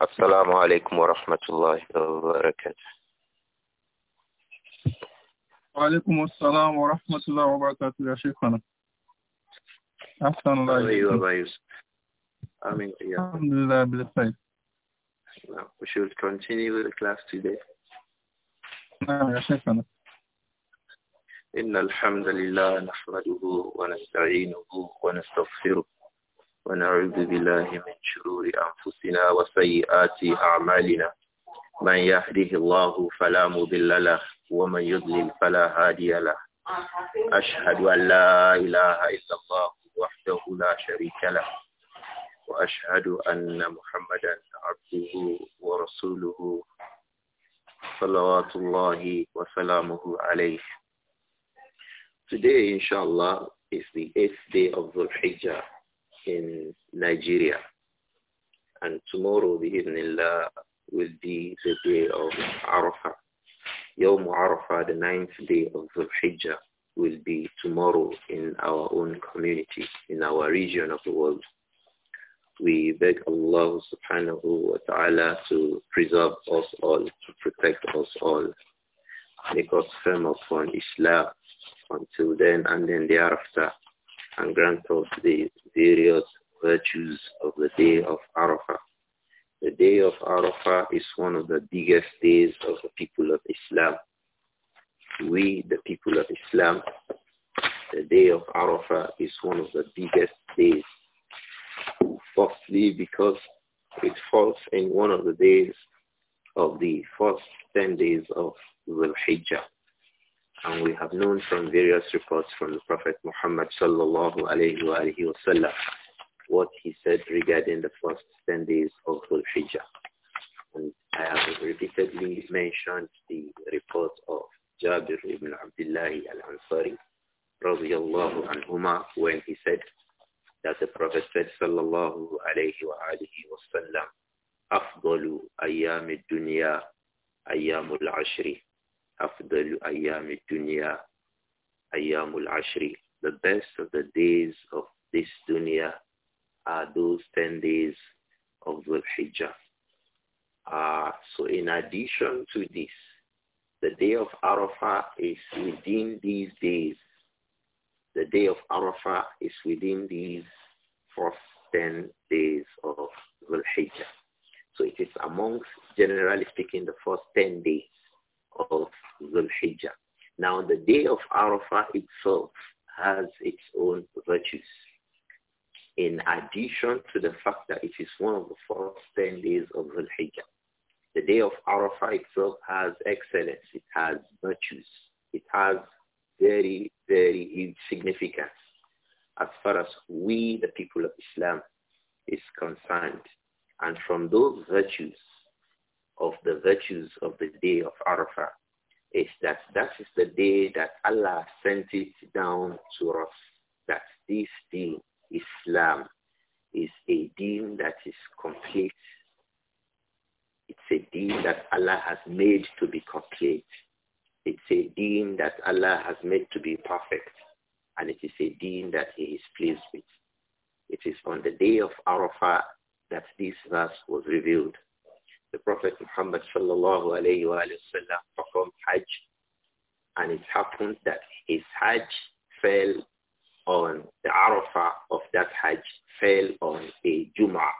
السلام عليكم ورحمة الله وبركاته وعليكم السلام ورحمة الله وبركاته يا شيخنا أحسن الله أيوة آمين الحمد لله بالخير we should continue with the class today. نعم يا شيخنا إن الحمد لله نحمده ونستعينه ونستغفره ونعوذ بالله من شرور أنفسنا وسيئات أعمالنا من يهده الله فلا مضل له ومن يضلل فلا هادي له أشهد أن لا إله إلا الله وحده لا شريك له وأشهد أن محمدا عبده ورسوله صلوات الله وسلامه عليه Today, inshallah, is the eighth day of Dhul Hijjah, in Nigeria. And tomorrow, evening, will be the day of Arafah. Yawm Arafah, the ninth day of Hajj, Hijjah, will be tomorrow in our own community, in our region of the world. We beg Allah subhanahu wa ta'ala to preserve us all, to protect us all. Make us firm upon Islam until then and then thereafter and grant us the various virtues of the day of Arafah. The day of Arafah is one of the biggest days of the people of Islam. We, the people of Islam, the day of Arafah is one of the biggest days. Firstly, because it falls in one of the days of the first 10 days of Dhul Hijjah. And we have known from various reports from the Prophet Muhammad sallallahu alayhi wa alayhi what he said regarding the first 10 days of Dhul Hijjah. And I have repeatedly mentioned the report of Jabir ibn Abdullah al-Ansari radiyallahu anhuma when he said that the Prophet said sallallahu alayhi wa alihi wa sallam أفضل أيام الدنيا أيام العشر أفضل أيام dunya, أيام Ashri. The best of the days of this dunya are those 10 days of the Hijjah. Uh, ah, so in addition to this, the day of Arafah is within these days. The day of Arafah is within these first 10 days of Dhul Hijjah. So it is amongst, generally speaking, the first 10 days of Zulhijjah. Now the day of Arafah itself has its own virtues. In addition to the fact that it is one of the first 10 days of Zulhijjah. The day of Arafah itself has excellence. It has virtues. It has very, very significance as far as we, the people of Islam, is concerned. And from those virtues of the virtues of the day of Arafah is that that is the day that Allah sent it down to us, that this deen, Islam, is a deen that is complete. It's a deen that Allah has made to be complete. It's a deen that Allah has made to be perfect. And it is a deen that he is pleased with. It is on the day of Arafah that this verse was revealed the Prophet Muhammad sallallahu alayhi wa sallam performed Hajj and it happened that his Hajj fell on the Arafah of that Hajj fell on a Jum'ah.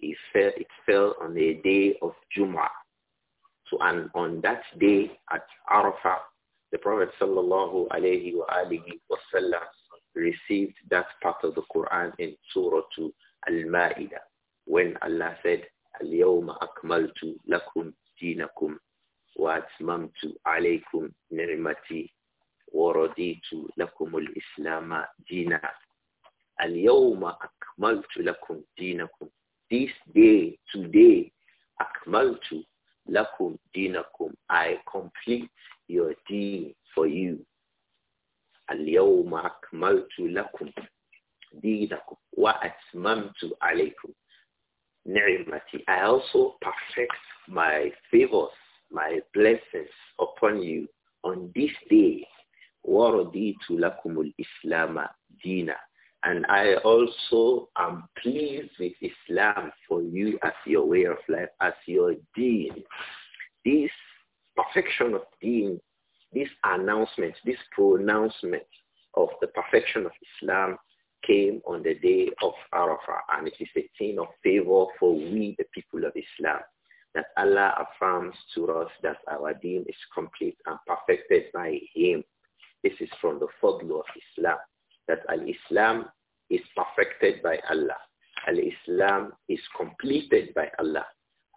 It fell, it fell on a day of Jum'ah. So and on that day at Arafah, the Prophet sallallahu alayhi wa wasallam received that part of the Quran in Surah Al-Ma'idah when Allah said, اليوم أكملت لكم دينكم وأتممت عليكم نعمتي ورضيت لكم الإسلام دينا اليوم أكملت لكم دينكم This day, today, أكملت لكم دينكم I complete your deen for you اليوم أكملت لكم دينكم وأتممت عليكم ni'mati. I also perfect my favors, my blessings upon you on this day. وَرَضِيتُ لَكُمُ الْإِسْلَامَ دِينَ And I also am pleased with Islam for you as your way of life, as your deen. This perfection of deen, this announcement, this pronouncement of the perfection of Islam came on the day of Arafah, and it is a thing of favor for we, the people of Islam, that Allah affirms to us that our deen is complete and perfected by Him. This is from the fadl of Islam, that al-Islam is perfected by Allah. Al-Islam is completed by Allah.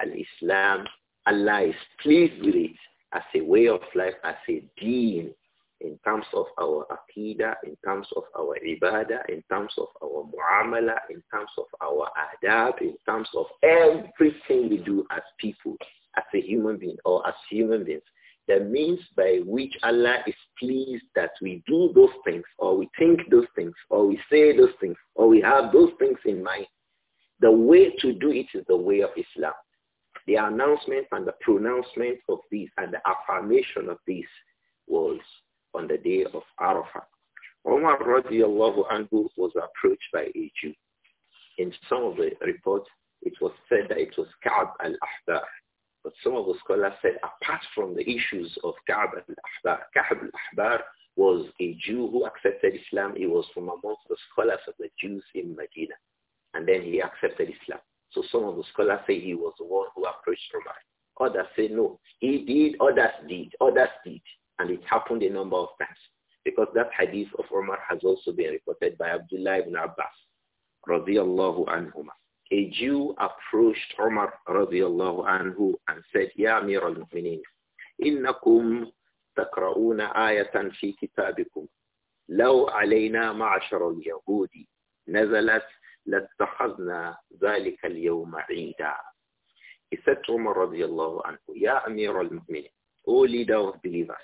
Al-Islam, Allah is pleased with it as a way of life, as a deen, in terms of our aqidah, in terms of our ibadah, in terms of our muamala, in terms of our adab, in terms of everything we do as people, as a human being or as human beings. The means by which Allah is pleased that we do those things or we think those things or we say those things or we have those things in mind. The way to do it is the way of Islam. The announcement and the pronouncement of this and the affirmation of this was on the day of Arafah. Omar radiallahu anhu was approached by a Jew. In some of the reports, it was said that it was Ka'b al-Ahbar. But some of the scholars said, apart from the issues of Ka'b al-Ahbar, Ka'b al-Ahbar was a Jew who accepted Islam. He was from amongst the scholars of the Jews in Medina. And then he accepted Islam. So some of the scholars say he was the one who approached Omar. Others say no. He did, others did, others did. And it happened a number of times because that hadith of Omar has also been reported by Abdullah ibn Abbas radiyallahu anhuma. A Jew approached Omar radiyallahu anhu and said, Ya Amir al-Mu'mineen, innakum takra'una ayatan fi kitabikum. لو علينا معشر اليهود نزلت لاتخذنا ذلك اليوم عيدا. He said to Umar radiallahu anhu, Ya Amir al-Mu'minin, O leader of believers,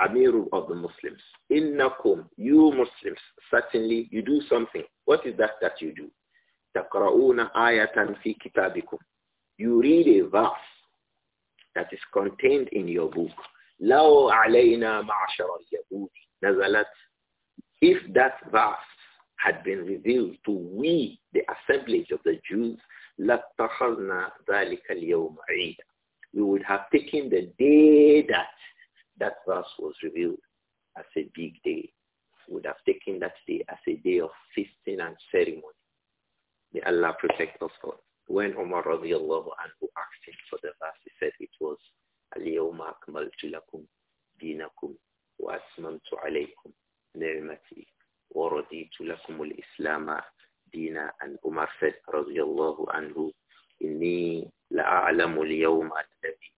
Amirul of the Muslims. Innakum, you Muslims, certainly you do something. What is that that you do? Taqra'una ayatan fi kitabikum. You read a verse that is contained in your book. Law alayna ma'ashara al-yahudi nazalat. If that verse had been revealed to we, the assemblage of the Jews, لَاتَّخَذْنَا ذَلِكَ الْيَوْمَ عِيدًا We would have taken the day that that verse was revealed as a big day. We would have taken that day as a day of feasting and ceremony. May Allah protect us all. When Umar radiallahu anhu asked him for the verse, he said it was اليوم أكملت لكم دينكم وأسممت عليكم نعمتي ورضيت لكم الإسلام دينا أن said رضي الله عنه إني لأعلم اليوم الذي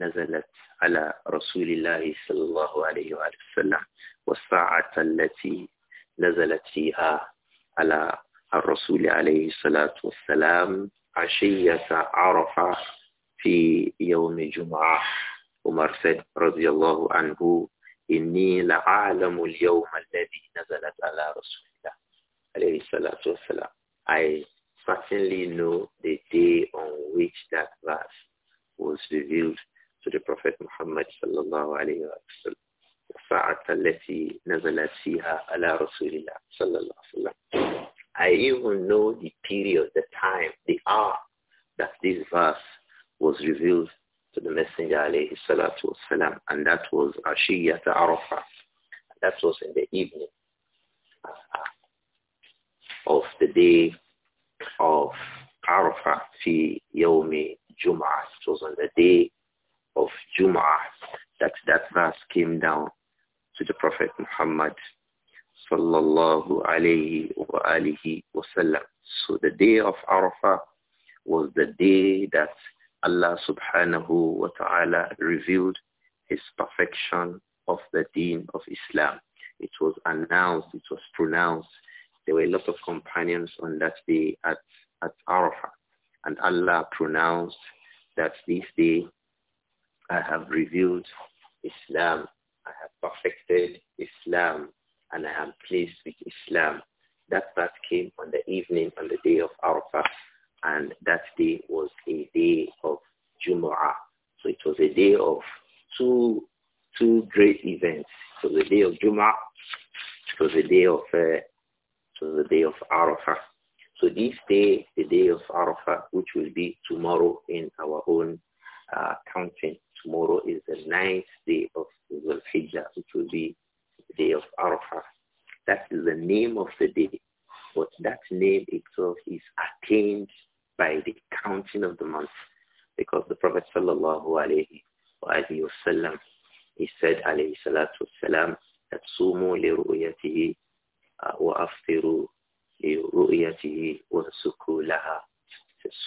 نزلت على رسول الله صلى الله عليه وآله وسلم والساعة التي نزلت فيها على الرسول عليه الصلاة والسلام عشية عرفة في يوم جمعة عمر said رضي الله عنه إني لأعلم اليوم الذي نزلت على رسول الله عليه الصلاة والسلام I certainly know the day on which that verse was revealed to the Prophet Muhammad sallallahu alayhi wa I even know the period, the time, the hour that this verse was revealed to the Messenger alayhi salatu wasalam, and that was Ashiyat Arafah. That was in the evening of the day of Arafah fi yomi Jum'ah. It was on the day of Jum'ah that that verse came down to the Prophet Muhammad sallallahu alayhi wa alihi wasallam. So the day of Arafah was the day that Allah subhanahu wa ta'ala revealed his perfection of the deen of Islam. It was announced, it was pronounced. There were a lot of companions on that day at, at Arafah. And Allah pronounced that this day I have revealed Islam. I have perfected Islam. And I am pleased with Islam. That part came on the evening, on the day of Arafah. And that day was a day of Jumu'ah. So it was a day of two, two great events. So the day of Jumu'ah, it was a day of, uh, it was a day of Arafah. So this day, the day of Arafah, which will be tomorrow in our own uh, counting, tomorrow is the ninth day of the Hijjah, which will be the day of Arafah. That is the name of the day. But that name itself is attained by the counting of the month. Because the Prophet sallallahu alayhi wa sallam, he said alayhi salatu wasalam, that sumu li ru'yatihi uh, wa aftiru li ru'yatihi wa sukulaha.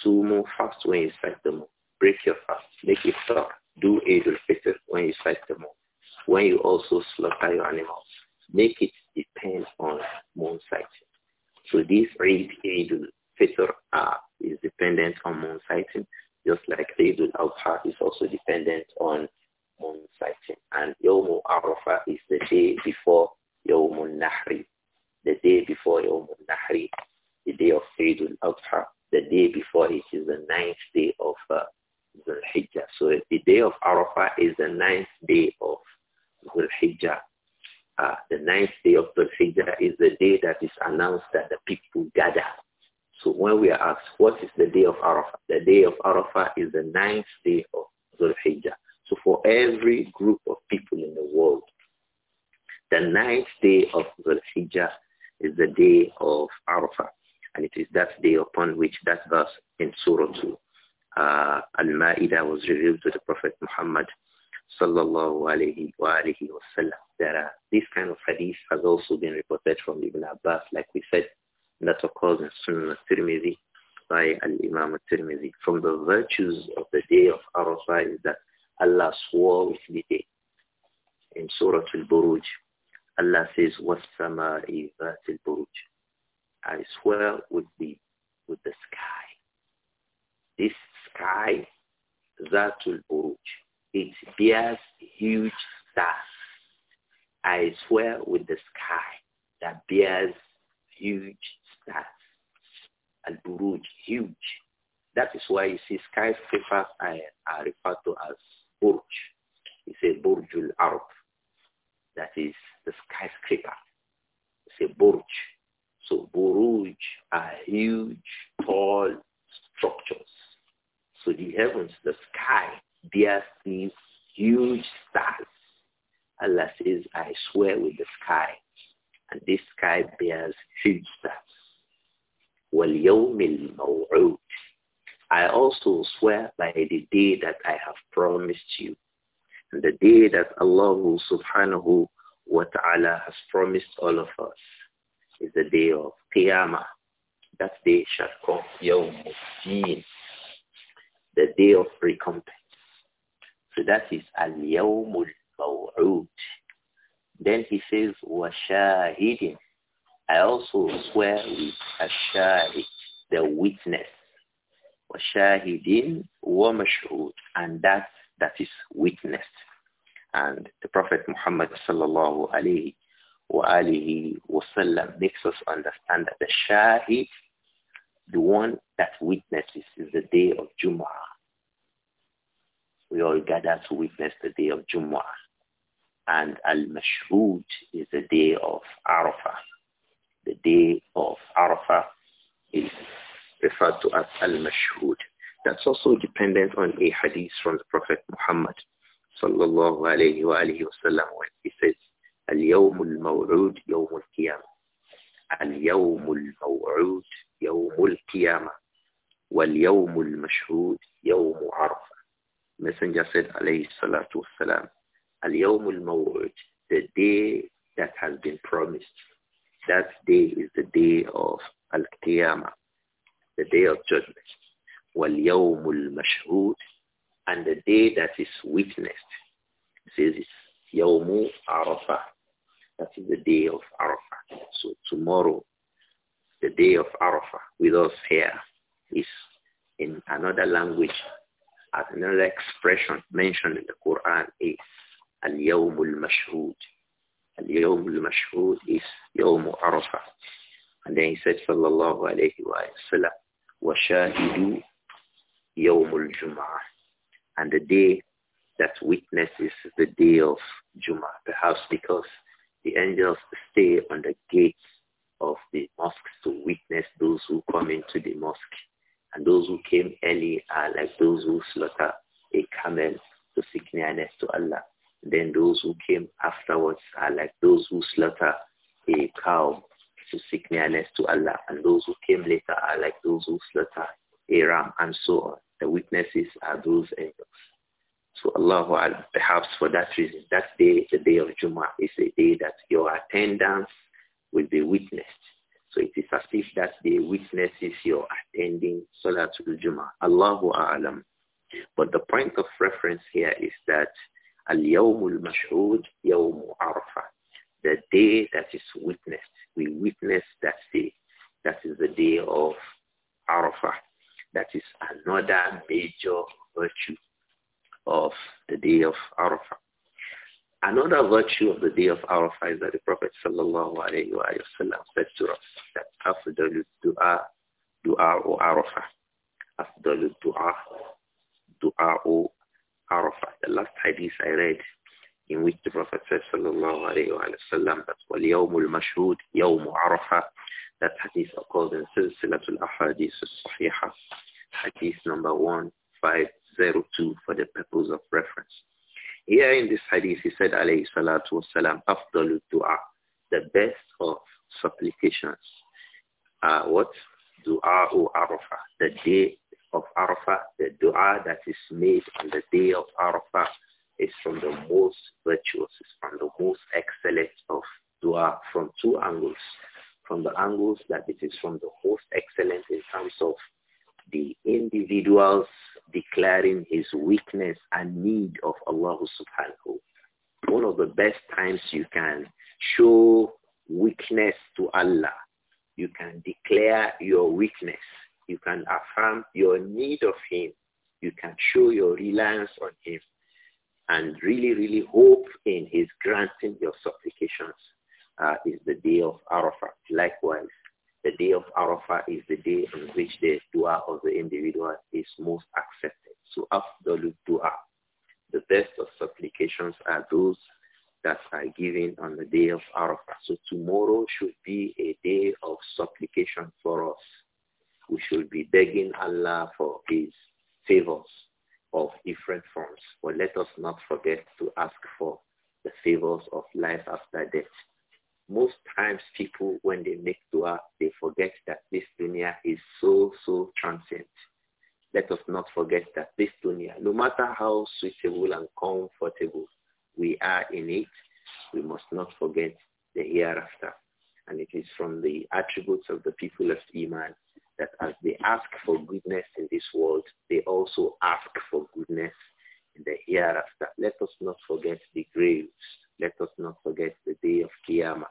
Sumu fast when you sight the Break your fast. Make it stop do Eid al-Fitr when you sight the moon. When you also slaughter your animals. Make it depend on moon sighting. So this Eid, Eid al-Fitr uh, is dependent on moon sighting, just like Eid al-Adha is also dependent on moon sighting. And Yawm Arafah is the day before Yawm al-Nahri, the day before Yawm al-Nahri, the day of Eid al-Adha, the day before it is the ninth day of uh, Zulhijjah. So the day of Arafah is the ninth day of Zulhijjah. Uh, the ninth day of Zulhijjah is the day that is announced that the people gather. So when we are asked, what is the day of Arafah? The day of Arafah is the ninth day of Zulhijjah. So for every group of people in the world, the ninth day of Zulhijjah is the day of Arafah. And it is that day upon which that verse in Surah 2 that was revealed to the Prophet Muhammad sallallahu alayhi wa wasallam. this kind of hadith has also been reported from Ibn Abbas, like we said, that occurs in Sunan al-Tirmidhi by al-Imam al-Tirmidhi. From the virtues of the day of Arafah is that Allah swore with the day. In Surah Al-Buruj, Allah says, وَالسَّمَاءِ ذَاتِ الْبُرُوجِ I swear with the, with the sky. This sky Zatul Buruj. It bears huge stars. I swear with the sky that bears huge stars. Al-Buruj, huge. That is why you see skyscrapers are, referred to as Burj. It's a Burjul Arab. That is the skyscraper. It's a Burj. So Buruj are huge, tall structures. So the heavens, the sky, bears these huge stars. Allah says, I swear with the sky. And this sky bears huge stars. وَالْيَوْمِ الْمَوْعُودِ I also swear by the day that I have promised you. And the day that Allah subhanahu wa ta'ala has promised all of us is the day of Qiyamah. That day shall come, the day of recompense. So that is al-yawmul maw'ud. Then he says, wa shahidin. I also swear with a shahid the witness. Wa shahidin wa mash'ud. And that, that is witness. And the Prophet Muhammad sallallahu alayhi wa alihi wa sallam makes us understand that the shahid the one that witnesses is the day of Jumu'ah. We all gather to witness the day of Jumu'ah. And Al-Mashhud is the day of Arafah. The day of Arafah is referred to as Al-Mashhud. That's also dependent on a hadith from the Prophet Muhammad sallallahu alayhi wa wasallam when he says, Al-Yawm al-Maw'ud Yawm al-Qiyamah. اليوم الموعود يوم القيامة واليوم المشهود يوم عرفة Messenger said عليه الصلاة والسلام اليوم الموعود the day that has been promised that day is the day of al the day of judgment واليوم المشهود and the day that is witnessed says it's يوم عرفة that is the day of Arafah. So tomorrow, the day of Arafah with us here is in another language, another expression mentioned in the Quran is Al-Yawm al-Mashhud. Al-Yawm al-Mashhud is Yawm Arafah. And then he said, Sallallahu alayhi wa sallam, Yawm al jumah And the day that witnesses the day of Juma, perhaps because the angels stay on the gates of the mosques to witness those who come into the mosque. And those who came early are like those who slaughter a camel to seek nearness to Allah. Then those who came afterwards are like those who slaughter a cow to seek nearness to Allah. And those who came later are like those who slaughter a ram and so on. The witnesses are those angels. So Allahu perhaps for that reason, that day, the day of Jummah, is a day that your attendance will be witnessed. So it is as if that day witnesses your attending Salatul Jummah. Allahu Alam. But the point of reference here is that Al-Yawmul Mashhud Yawm arfa The day that is witnessed. We witness that day. That is the day of Arafah. That is another major virtue of the day of Arafah. Another virtue of the day of Arafah is that the Prophet sallallahu alayhi wa sallam said to us that afdalu du'a du'a o Arafah. Afdalu du'a du'a o Arafah. The last hadith I read in which the Prophet said sallallahu alayhi wa sallam that wal yawmul mashhud yawm Arafah. That hadith occurs in Silsilatul Ahadith al-Sahihah. Hadith number one five. 02 for the purpose of reference. Here in this hadith, he said, alayhi salatu wasalam, afdalu dua, the best of supplications. Uh, what? Dua u Arafah, the day of Arafah, the dua that is made on the day of Arafah is from the most virtuous, is from the most excellent of dua from two angles. From the angles that it is from the most excellent in terms of the individual's declaring his weakness and need of Allah subhanahu. One of the best times you can show weakness to Allah. You can declare your weakness. You can affirm your need of him. You can show your reliance on him and really, really hope in his granting your supplications uh, is the day of Arafat. Likewise, the day of Arafah is the day on which the dua of the individual is most accepted. So after dua, the best of supplications are those that are given on the day of Arafah. So tomorrow should be a day of supplication for us. We should be begging Allah for his favors of different forms. But let us not forget to ask for the favors of life after death most times people, when they make dua, they forget that this dunya is so, so transient. Let us not forget that this dunya, no matter how suitable and comfortable we are in it, we must not forget the hereafter. And it is from the attributes of the people of Iman that as they ask for goodness in this world, they also ask for goodness in the hereafter. Let us not forget the graves. Let us not forget the day of Qiyamah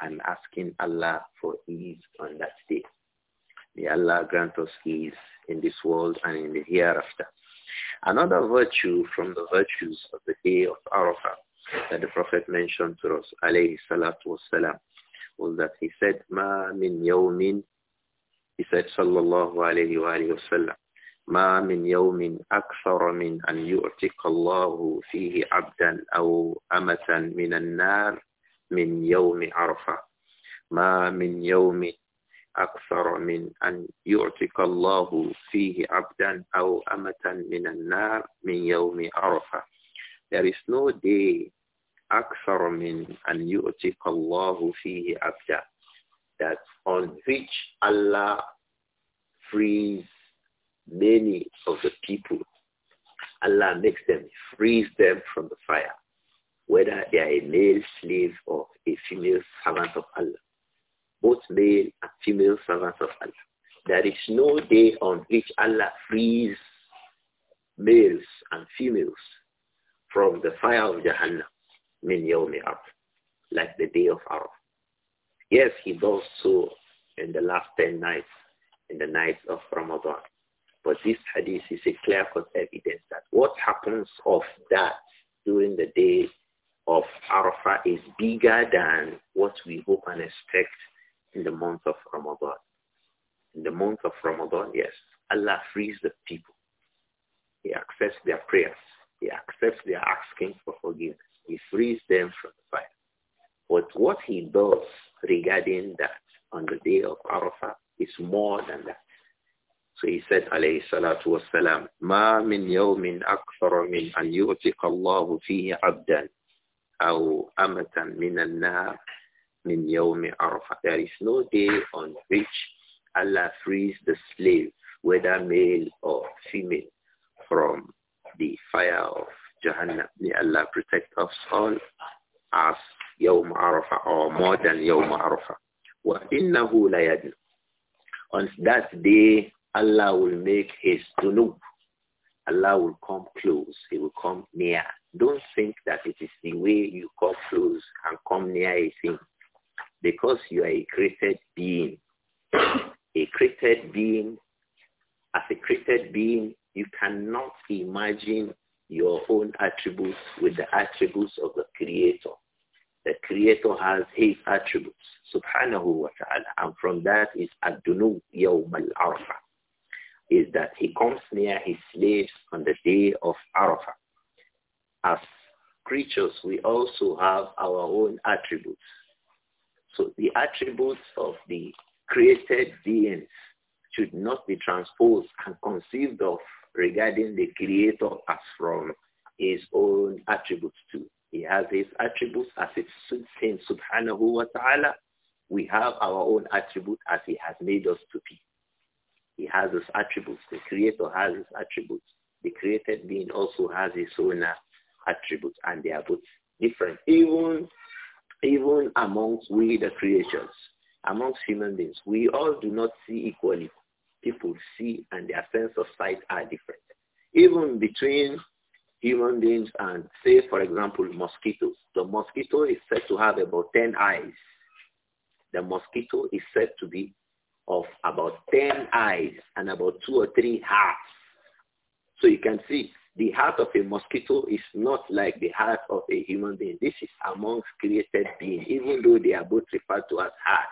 and asking Allah for ease on that day. May Allah grant us ease in this world and in the hereafter. Another virtue from the virtues of the day of Arafah that the Prophet mentioned to us, alayhi salatu wasalam, was that he said, ma min yawmin, he said, sallallahu alayhi wa sallam." "Ma min من يوم min an أن يعتق الله فيه عبدا أو أمة من min yawmi arfa ma min yawmi aksara min an yu'tika Allahu fihi abdan aw amatan min an there is no day aksara min an yu'tika Allahu fihi abdan that on which Allah frees many of the people Allah makes them frees them from the fire whether they are a male slave or a female servant of Allah. Both male and female servants of Allah. There is no day on which Allah frees males and females from the fire of Jahannam, min yawmi like the day of Arab. Yes, he does so in the last 10 nights, in the nights of Ramadan. But this hadith is a clear-cut evidence that what happens of that during the day of Arafah is bigger than what we hope and expect in the month of Ramadan. In the month of Ramadan, yes, Allah frees the people. He accepts their prayers. He accepts their asking for forgiveness. He frees them from the fire. But what he does regarding that on the day of Arafah is more than that. So he said, alayhi salatu wassalam, مَا مِنْ يَوْمٍ أَكْثَرَ مِنْ أَنْ يُعْتِقَ اللَّهُ فِيهِ abdan أو أمة من النار من يوم عرفة. There is no day on which Allah frees the slave, whether male or female, from the fire of Jahannam. May Allah protect us all as Yawm Arafah or more than Yawm Arafah. وَإِنَّهُ لَيَدْنُ On that day, Allah will make his dunub. Allah will come close. He will come near. Don't think that it is the way you come close and come near a thing because you are a created being. a created being, as a created being, you cannot imagine your own attributes with the attributes of the Creator. The Creator has His attributes, subhanahu wa ta'ala. And from that is Ad-Dunu Yawm al-Arafah, is that He comes near His slaves on the day of Arafah as creatures, we also have our own attributes. So the attributes of the created beings should not be transposed and conceived of regarding the creator as from his own attributes too. He has his attributes as it suits him, subhanahu wa ta'ala. We have our own attribute as he has made us to be. He has his attributes. The creator has his attributes. The created being also has his own attributes and they are both different. Even, even amongst we the creatures, amongst human beings, we all do not see equally. People see and their sense of sight are different. Even between human beings and say, for example, mosquitoes. The mosquito is said to have about 10 eyes. The mosquito is said to be of about 10 eyes and about two or three halves. So you can see the heart of a mosquito is not like the heart of a human being. This is amongst created beings, even though they are both referred to as hearts.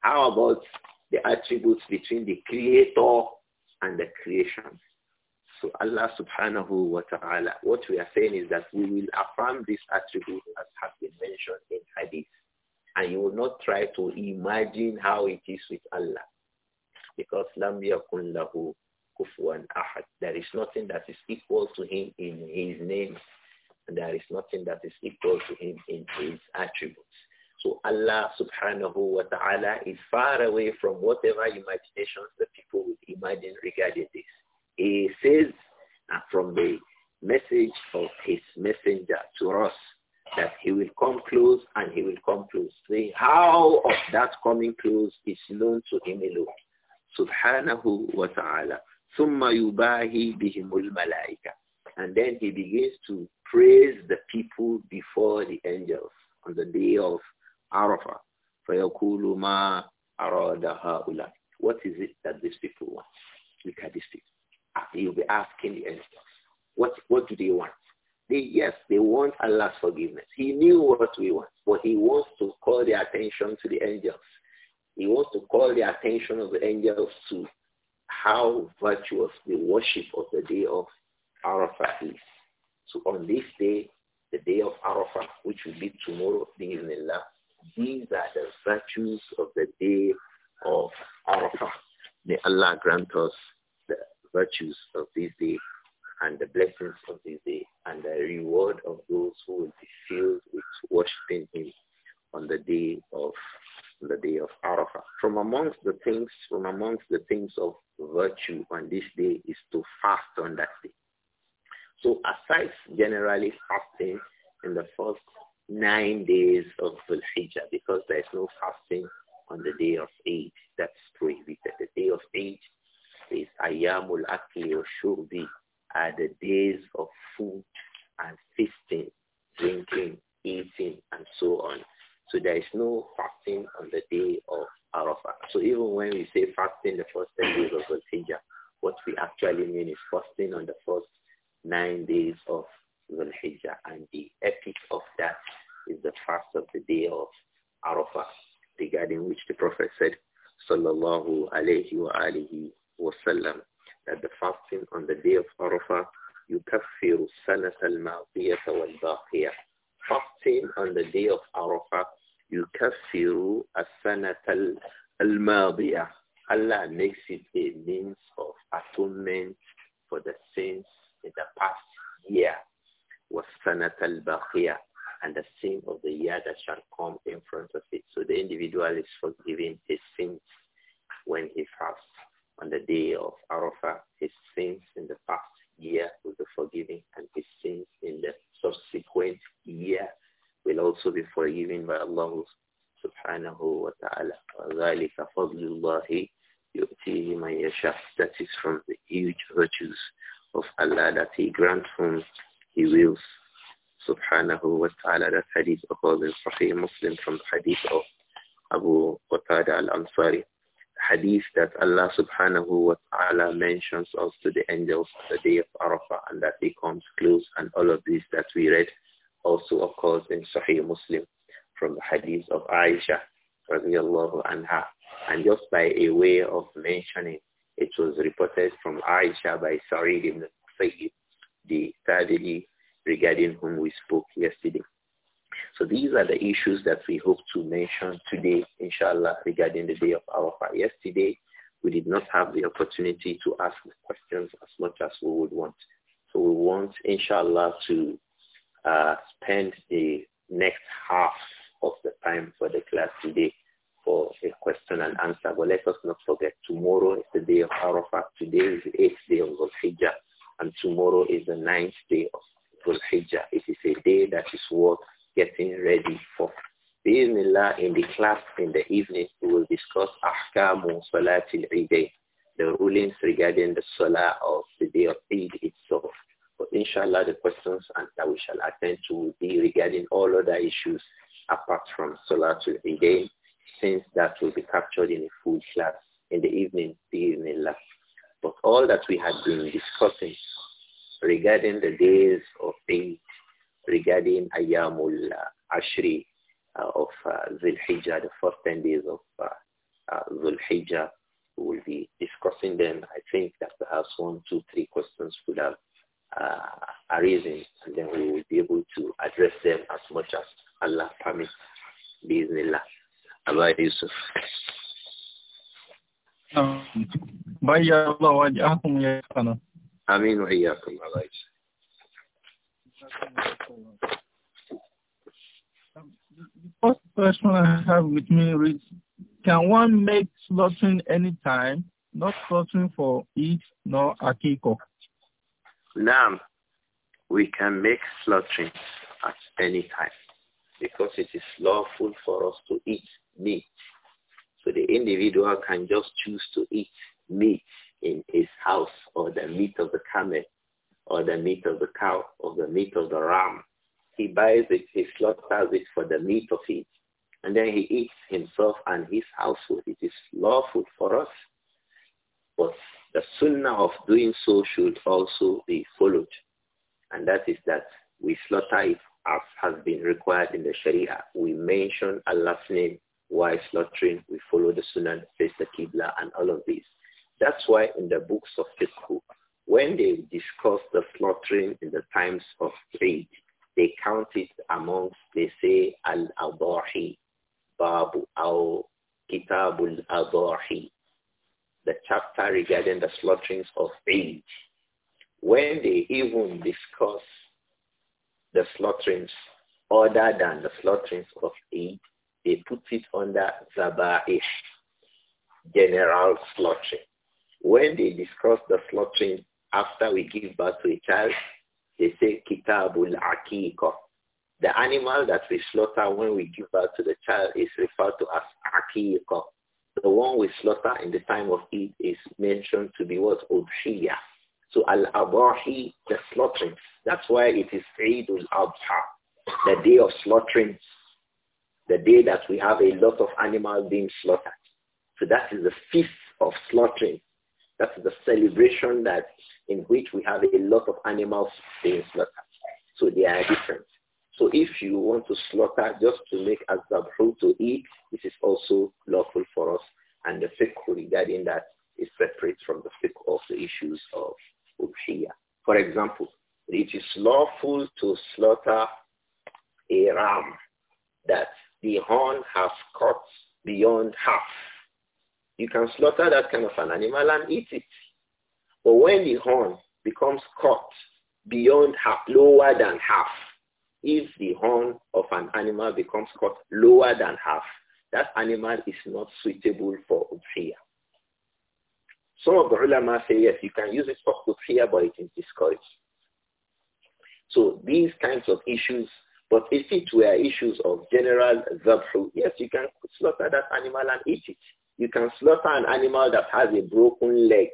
How about the attributes between the creator and the creation? So Allah subhanahu wa ta'ala, what we are saying is that we will affirm this attribute as has been mentioned in hadith. And you will not try to imagine how it is with Allah. Because lam yakun lahu kufuwan ahad. There is nothing that is equal to him in his name. And there is nothing that is equal to him in his attributes. So Allah subhanahu wa ta'ala is far away from whatever imaginations the people would imagine regarding this. He says from the message of his messenger to us that he will come close and he will come close. The how of that coming close is known to him alone. Subhanahu wa ta'ala. ثُمَّ يُبَاهِي بِهِمُ الْمَلَائِكَةِ And then he begins to praise the people before the angels on the day of Arafah. فَيَقُولُ مَا أَرَادَ هَؤُلَاءِ What is it that these people want? Look at these people. Ah, you'll be asking the angels, what, what do they want? They, yes, they want Allah's forgiveness. He knew what we want, but he wants to call the attention to the angels. He wants to call the attention of the angels to how virtuous the worship of the day of Arafah is. So on this day, the day of Arafah, which will be tomorrow, Bismillah, these are the virtues of the day of Arafah. May Allah grant us the virtues of this day and the blessings of this day and the reward of those who will be filled with worshiping him on the day of the day of Arafah. From amongst the things, from amongst the things of virtue on this day is to fast on that day. So aside generally fasting in the first nine days of the Hijjah because there is no fasting on the day of Eid. That's prohibited. The day of Eid is Ayamul Akli or Shurbi are the days of food and feasting, drinking, eating, and so on. So there is no fasting on the day of Arafah. So even when we say fasting the first 10 days of Zulhijjah, what we actually mean is fasting on the first nine days of Zulhijjah. And the epic of that is the fast of the day of Arafah, regarding which the Prophet said, Sallallahu alayhi wa alihi wasallam, that the fasting on the day of Arafah, يكفر السنة الماضية والباقية. Fasting on the day of Arafah يكفر السنة الماضية Allah makes it a means of atonement for the sins in the past year wasanat al bakhiyah and the sin of the year that shall come in front of it. So the individual is forgiving his sins when he fasts. On the day of Arafah, his sins in the past year will be forgiven and his sins in also be forgiven by Allah subhanahu wa ta'ala. وَذَلِكَ فَضْلُ اللَّهِ يُؤْتِيهِ مَنْ That is from the huge virtues of Allah that He grants whom He wills. Subhanahu wa ta'ala. That hadith occurs in Sahih Muslim from the hadith of Abu Qatada al-Ansari. Hadith that Allah subhanahu wa ta'ala mentions us to the angels on the day of Arafah and that He comes close and all of this that we read also occurs in Sahih Muslim from the hadith of Aisha radiallahu anha. And just by a way of mentioning, it was reported from Aisha by Sa'id ibn the Tadili regarding whom we spoke yesterday. So these are the issues that we hope to mention today, inshallah, regarding the day of Arafah. Yesterday, we did not have the opportunity to ask questions as much as we would want. So we want, inshallah, to uh, spend the next half of the time for the class today for a question and answer. But let us not forget, tomorrow is the day of Arafat. Today is the eighth day of Dhul And tomorrow is the ninth day of Dhul It is a day that is worth getting ready for. Bismillah, in the class in the evening, we will discuss Ahkamu Salatil Eid, the rulings regarding the Salah of the day of Eid inshallah, the questions and that we shall attend to will be regarding all other issues apart from Salatul Again, since that will be captured in a full class in the evening, the evening lab. But all that we had been discussing regarding the days of Eid, regarding Ayamul uh, Ashri uh, of uh, Zul the first 10 days of uh, uh, we will be discussing them. I think that perhaps one, two, three questions for have arisen, and then we will be able to address them as much as Allah permits. Bismillah. Allah Yusuf. بيا الله وجهكم يا شيخنا امين the first question I have with me reads, can one make slaughtering anytime, not slaughtering for Eid nor Akiko? Naam we can make slaughtering at any time because it is lawful for us to eat meat. So the individual can just choose to eat meat in his house or the meat of the camel or the meat of the cow or the meat of the ram. He buys it, he slaughters it for the meat of it. And then he eats himself and his household. It is lawful for us. But the sunnah of doing so should also be followed and that is that we slaughter it as has been required in the Sharia. We mention Allah's name while slaughtering, we follow the Sunnah, face the Qibla, and all of these. That's why in the books of Fiqh, when they discuss the slaughtering in the times of Eid, they count it amongst, they say, Al-Adahi, Babu al Kitabul Adahi, the chapter regarding the slaughterings of Eid when they even discuss the slaughterings other than the slaughterings of Eid, they put it under Zabaish, general slaughtering. When they discuss the slaughtering after we give birth to a child, they say Kitabul Akiko. The animal that we slaughter when we give birth to the child is referred to as Akiko. The one we slaughter in the time of Eid is mentioned to be what? Udhiyah so al-abahi, the slaughtering. That's why it is Eid al-Adha, the day of slaughtering, the day that we have a lot of animals being slaughtered. So that is the feast of slaughtering. That's the celebration that in which we have a lot of animals being slaughtered. So they are different. So if you want to slaughter just to make azabhu to eat, this is also lawful for us. And the fiqh regarding that is separate from the fiqh of the issues of for example, it is lawful to slaughter a ram that the horn has cut beyond half. You can slaughter that kind of an animal and eat it. But when the horn becomes cut beyond half, lower than half, if the horn of an animal becomes cut lower than half, that animal is not suitable for Udhiyah. Some of the ulama say, yes, you can use it for kuthiya, but it is discouraged. So these kinds of issues, but if it were issues of general zabhu, yes, you can slaughter that animal and eat it. You can slaughter an animal that has a broken leg.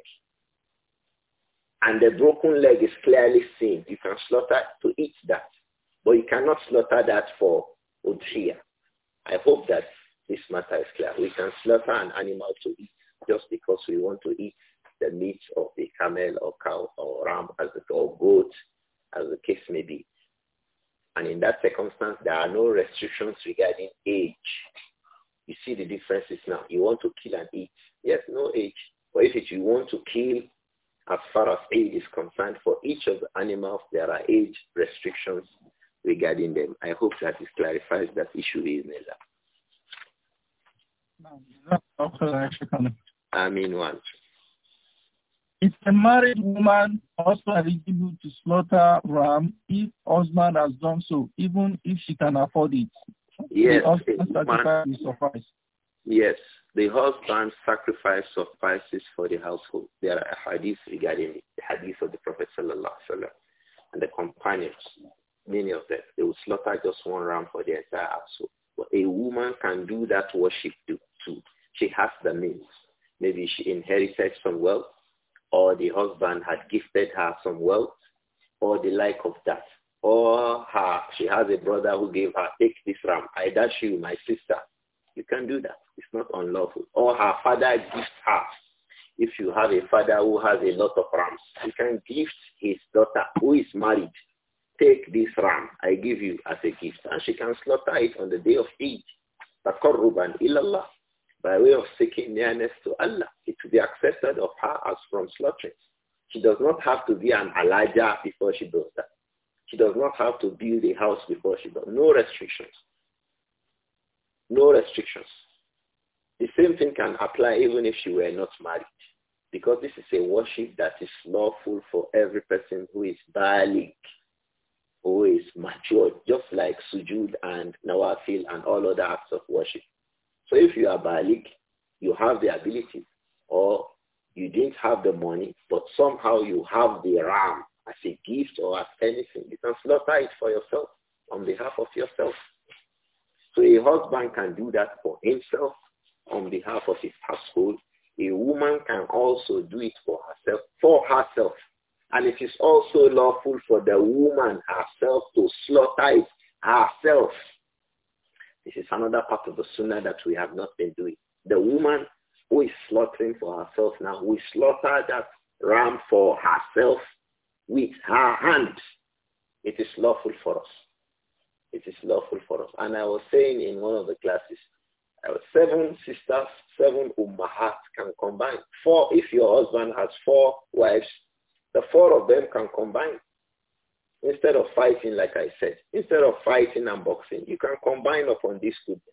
And the broken leg is clearly seen. You can slaughter to eat that. But you cannot slaughter that for udhiya. I hope that this matter is clear. We can slaughter an animal to eat just because we want to eat the meat of the camel or cow or ram as the, or goat, as the case may be. And in that circumstance, there are no restrictions regarding age. You see the differences now. You want to kill and eat. Yes, no age. But if you want to kill, as far as age is concerned, for each of the animals, there are age restrictions regarding them. I hope that it clarifies that issue, is Amin um, Is a married woman also eligible to slaughter ram if husband has done so, even if she can afford it? Yes. The husband sacrifice suffice. Yes. The husband sacrifice suffices for the household. There are hadiths regarding the hadith of the Prophet Sallallahu Alaihi Wasallam and the companions, many of them, they will slaughter just one ram for the entire household. But a woman can do that what she too. She has the means. Maybe she inherited some wealth or the husband had gifted her some wealth or the like of that. Or her, she has a brother who gave her, take this ram, I dash you, my sister. You can do that. It's not unlawful. Or her father gifts her. If you have a father who has a lot of rams, you can gift his daughter who is married. Take this ram I give you as a gift. And she can slaughter it on the day of Eid. تقربا إلى by way of seeking nearness to Allah. It will be accepted of her as from slaughtering. She does not have to be an Elijah before she does that. She does not have to build a house before she does. No restrictions. No restrictions. The same thing can apply even if she were not married. Because this is a worship that is lawful for every person who is balik, who is mature, just like sujud and nawafil and all other acts of worship. So if you are Balik, you have the ability or you didn't have the money, but somehow you have the ram as a gift or as anything. You can slaughter it for yourself on behalf of yourself. So a husband can do that for himself on behalf of his household. A woman can also do it for herself, for herself. And it is also lawful for the woman herself to slaughter it herself this is another part of the sunnah that we have not been doing. The woman who is slaughtering for herself now, we slaughter that ram for herself with her hands, It is lawful for us. It is lawful for us. And I was saying in one of the classes, uh, seven sisters, seven ummahat can combine. Four, if your husband has four wives, the four of them can combine. Instead of fighting, like I said, instead of fighting and boxing, you can combine upon these goodness.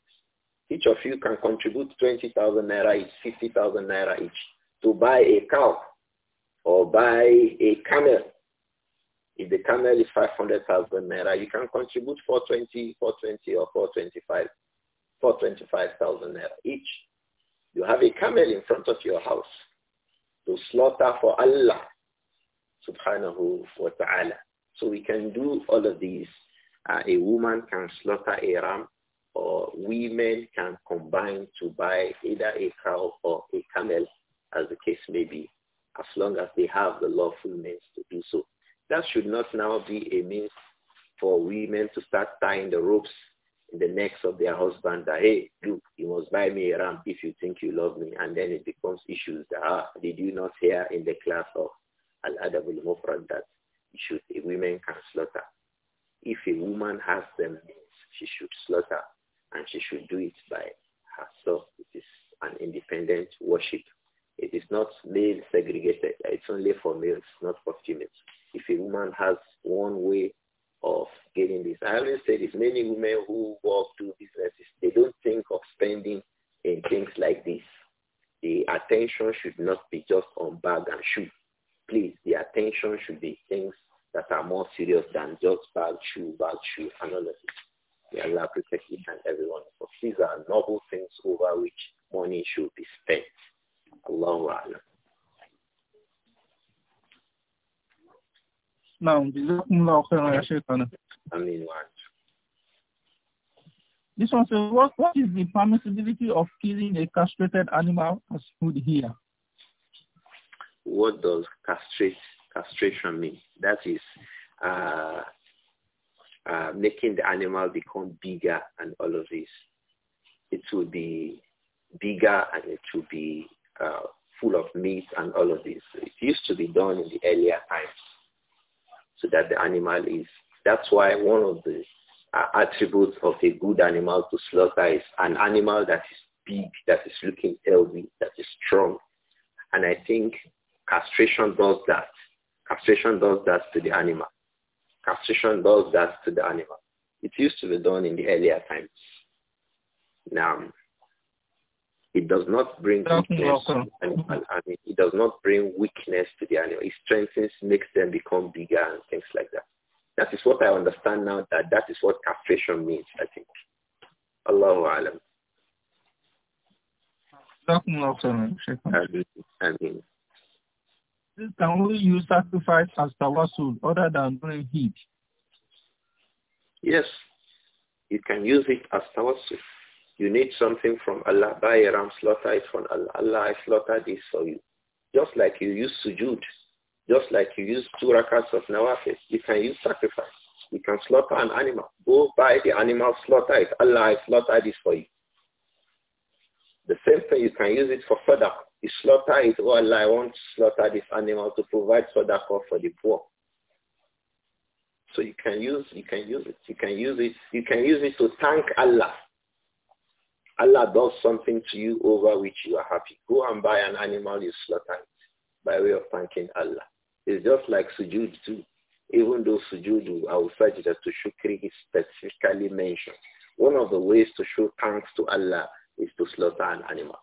Each of you can contribute 20,000 naira each, 50,000 naira each to buy a cow or buy a camel. If the camel is 500,000 naira, you can contribute 420, 420 or 425, 425,000 naira each. You have a camel in front of your house to slaughter for Allah subhanahu wa ta'ala. So we can do all of these. Uh, a woman can slaughter a ram or women can combine to buy either a cow or a camel as the case may be, as long as they have the lawful means to do so. That should not now be a means for women to start tying the ropes in the necks of their husband that, hey, look, you must buy me a ram if you think you love me. And then it becomes issues that, ah, did you not hear in the class of Al-Adab al-Mufrad that should a woman can slaughter. If a woman has the means, she should slaughter and she should do it by herself. It is an independent worship. It is not male segregated. It's only for males, not for females. If a woman has one way of getting this, I always say this, many women who work, do businesses, they don't think of spending in things like this. The attention should not be just on bag and shoe please, the attention should be things that are more serious than just bad shoe, bad shoe, and all of it. May Allah protect each and These are noble things over which money should be spent. Allahu Akbar. نعم This one says, what, what is the permissibility of killing a castrated animal as food here? what does castrate, castration mean? That is uh, uh, making the animal become bigger and all of this. It will be bigger and it will be uh, full of meat and all of this. It used to be done in the earlier times so that the animal is. That's why one of the uh, attributes of a good animal to slaughter is an animal that is big, that is looking healthy, that is strong. And I think Castration does that. Castration does that to the animal. Castration does that to the animal. It used to be done in the earlier times. Now, it does not bring weakness to the animal. I mean, it does not bring weakness to the animal. It strengthens, makes them become bigger and things like that. That is what I understand now that that is what castration means, I think. Allahu Alam. I mean, I mean. This can only use sacrifice as tawassul other than doing Hajj. Yes, you can use it as tawassul. You need something from Allah. Buy a ram, slaughter it from Allah. Allah, I slaughter this for you. Just like you use sujood. Just like you use two rakats of nawafis. You can use sacrifice. You can slaughter an animal. Go buy the animal, slaughter it. Allah, I slaughter this for you. The same thing, you can use it for sadaqah. The slaughter is, all. I want to slaughter this animal to provide sadaqah for the poor. So you can use, you can use it, you can use it, you can use it to thank Allah. Allah does something to you over which you are happy. Go and buy an animal, you slaughter it by way of thanking Allah. It's just like sujood too. Even though sujood, would suggest to shukri is specifically mentioned. One of the ways to show thanks to Allah is to slaughter an animal.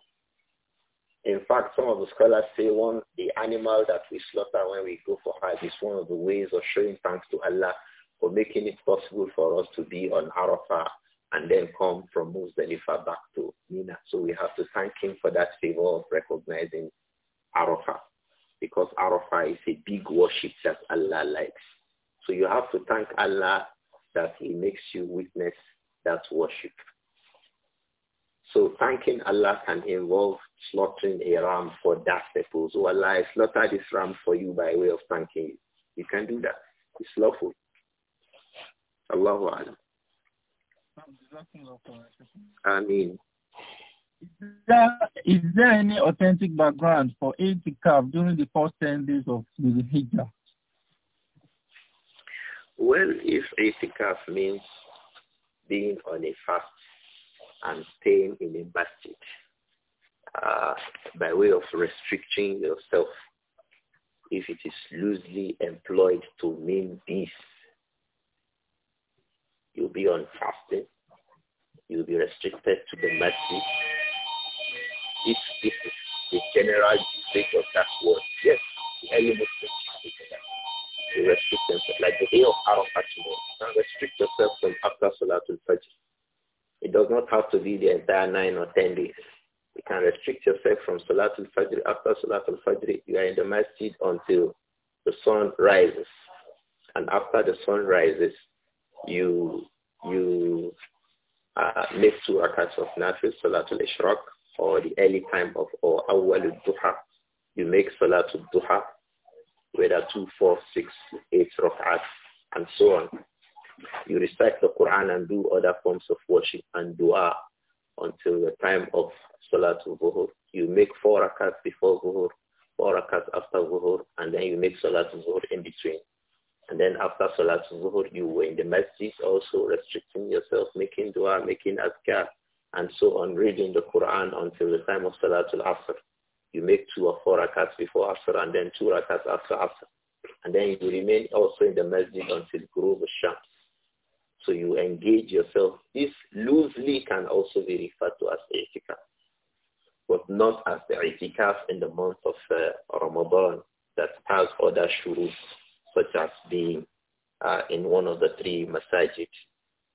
In fact, some of the scholars say one, the animal that we slaughter when we go for Hajj is one of the ways of showing thanks to Allah for making it possible for us to be on Arafah and then come from Muzdalifah back to Mina. So we have to thank him for that favor of recognizing Arafah because Arafah is a big worship that Allah likes. So you have to thank Allah that he makes you witness that worship. So thanking Allah can involve slaughtering a ram for that purpose. Oh Allah, I slaughtered this ram for you by way of thanking you. You can do that. It's lawful. Allah, wa I mean, is there, is there any authentic background for itikaf during the first 10 days of the hijrah? Well, if itikaf means being on a fast and staying in a masjid uh, by way of restricting yourself if it is loosely employed to mean this. You'll be on fasting. You'll be restricted to the masjid. If this is the general state of that word, yes, the early You restrict yourself like the day of Arafat, restrict yourself from after Salatul Fajr it does not have to be the entire nine or ten days. You can restrict yourself from Salatul Fajr. After Salatul Fajr, you are in the masjid until the sun rises. And after the sun rises, you you uh, make two rakats of Nafil Salatul Ishraq or the early time of or Awwalul Duha. You make Salatul Duha, whether two, four, six, eight rakats, and so on. You recite the Quran and do other forms of worship and dua until the time of Salatul Zuhur. You make four rakats before Zuhur, four rakats after Zuhur, and then you make Salatul Zuhur in between. And then after Salatul Zuhur, you were in the masjid also restricting yourself, making dua, making azkar, and so on, reading the Quran until the time of Salatul Asr. You make two or four rakats before Asr and then two rakats after Asr. And then you remain also in the masjid until Guru Shams. So you engage yourself. This loosely can also be referred to as itikaf, but not as the itikaf in the month of uh, Ramadan that has other shurut, such as being uh, in one of the three masajid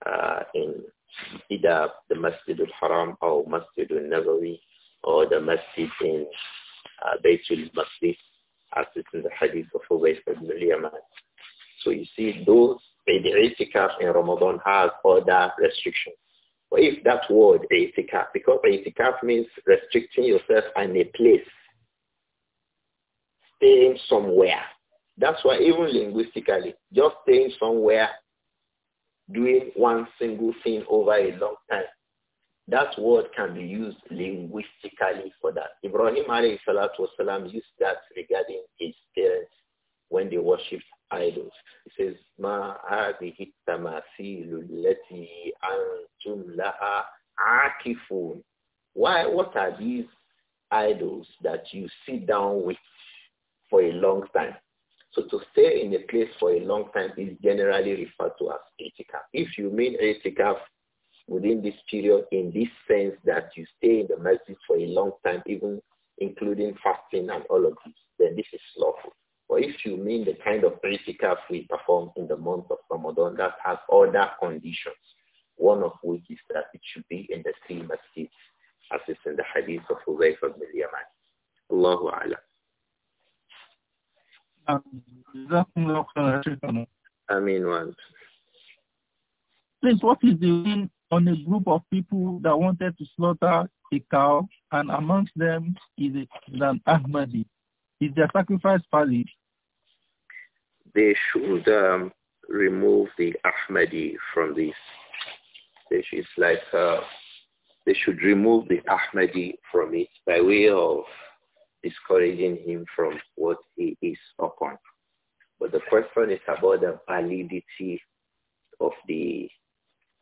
uh, in either the Masjid al-Haram or Masjid al-Nabawi or the Masjid in uh, Baitul Masjid as it's in the hadith of Ubayd ibn Yaman. So you see those the itikaf in Ramadan has other restrictions. But if that word itikaf, because itikaf means restricting yourself in a place, staying somewhere. That's why even linguistically, just staying somewhere, doing one single thing over a long time, that word can be used linguistically for that. Ibrahim alayhi salatu wasalam used that regarding his parents when they worshipped idols. He says, Ma hadihi tamasilu lati antum laha akifun. Why, what are these idols that you sit down with for a long time? So to stay in a place for a long time is generally referred to as itikaf. If you mean itikaf within this period in this sense that you stay in the masjid for a long time, even including fasting and all of this, then this is lawful. But if you mean the kind of itikaf we perform in the month of Ramadan, that has other conditions, one of which is that it should be in the same masjid as is in the hadith of Uzayf ibn Yaman. Allahu A'lam. mean once. Please, what is the win on a group of people that wanted to slaughter a cow, and amongst them is an Ahmadi? Is their sacrifice valid? they should um, remove the Ahmadi from this. They should like uh, they should remove the Ahmadi from it by way of discouraging him from what he is upon. But the question is about the validity of the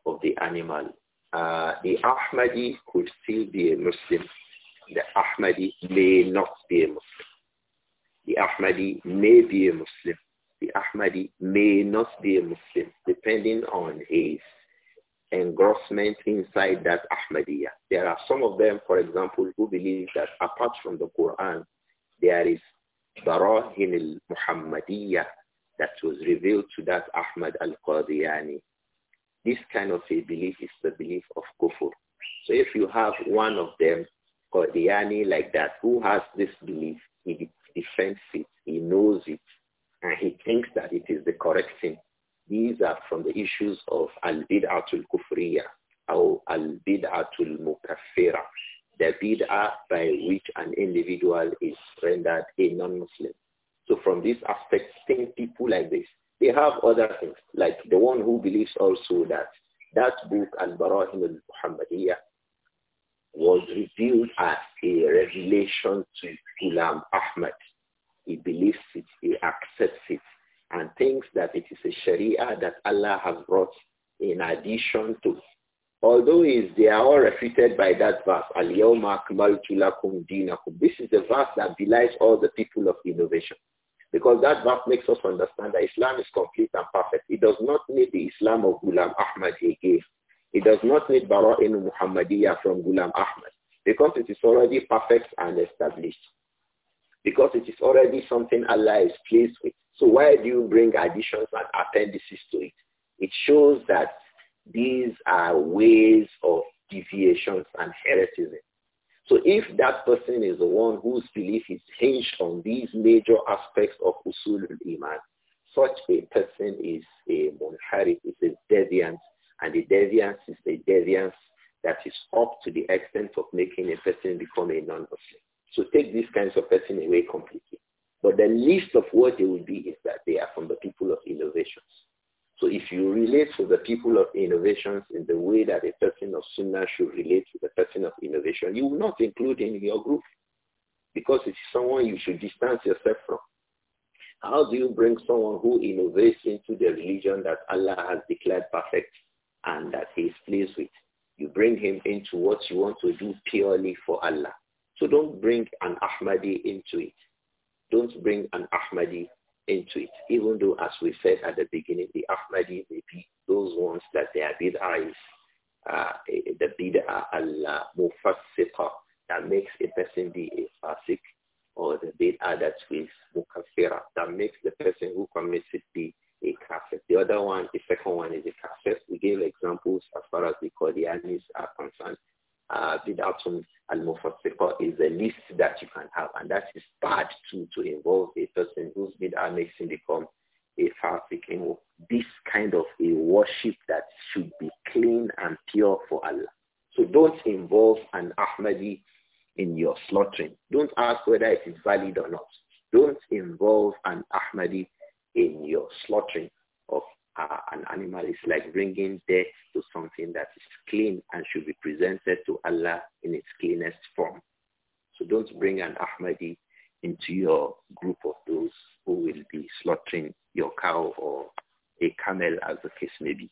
of the animal. Uh, the Ahmadi could still be a Muslim. The Ahmadi may not be a Muslim. The Ahmadi may be a Muslim the Ahmadi may not be a Muslim, depending on his engrossment inside that Ahmadiyya. There are some of them, for example, who believe that apart from the Quran, there is Barahin al-Muhammadiyya that was revealed to that Ahmad al-Qadiyani. This kind of a belief is the belief of kufr. So if you have one of them, Qadiyani like that, who has this belief, he defends it, he knows it, and he thinks that it is the correct thing. These are from the issues of al-bid'atul kufriya or al-bid'atul mukaffira, the bid'ah by which an individual is rendered a non-Muslim. So from this aspect, think people like this. They have other things, like the one who believes also that that book, Al-Barahim al-Muhammadiyah, was revealed as a revelation to Ghulam Ahmad, he believes it, he accepts it, and thinks that it is a Sharia that Allah has brought in addition to. Although is, they are all refuted by that verse, Al-Yawma Akmaltu Lakum Dinakum. This is the verse that belies all the people of innovation. Because that verse makes us understand that Islam is complete and perfect. It does not need the Islam of Ghulam Ahmad he gave. It does not need Bara'in Muhammadiyah from Ghulam Ahmad because it is already perfect and established because it is already something Allah is pleased with. So why do you bring additions and appendices to it? It shows that these are ways of deviations and heretism. So if that person is the one whose belief is hinged on these major aspects of usul iman, such a person is a munharif, is a deviant, and the deviance is a deviance that is up to the extent of making a person become a non-Muslim. So take these kinds of person away completely. But the least of what they will be is that they are from the people of innovations. So if you relate to the people of innovations in the way that a person of Sunnah should relate to the person of innovation, you will not include in your group because it's someone you should distance yourself from. How do you bring someone who innovates into the religion that Allah has declared perfect and that he is pleased with? You bring him into what you want to do purely for Allah. So don't bring an Ahmadi into it. Don't bring an Ahmadi into it. Even though, as we said at the beginning, the Ahmadi may be those ones that their bid'ah is uh, the bid'ah al-mufassiqa that makes a person be a fasik or the bid'ah that is mukafira that makes the person who commits it be a kafir. The other one, the second one is a kafir. We gave examples as far as the Qadianis are concerned uh, bidatun al-mufassiqa is the least that you can have. And that is bad too, to involve a person whose bid'ah makes him become a fasik. This kind of a worship that should be clean and pure for Allah. So don't involve an Ahmadi in your slaughtering. Don't ask whether it is valid or not. Don't involve an Ahmadi in your slaughtering of uh, an animal is like bringing death to something that is clean and should be presented to Allah in its cleanest form. So don't bring an Ahmadi into your group of those who will be slaughtering your cow or a camel as the case may be.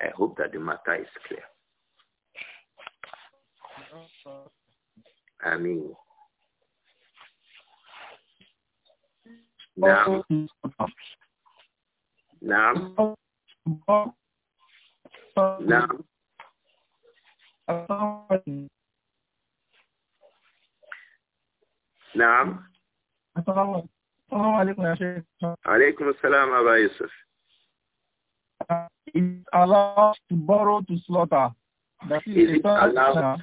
I hope that the matter is clear. I mean, now, نعم نعم نعم السلام عليكم يا شيخ عليكم السلام أبا يوسف Is allowed to borrow to slaughter. That is, is it allowed?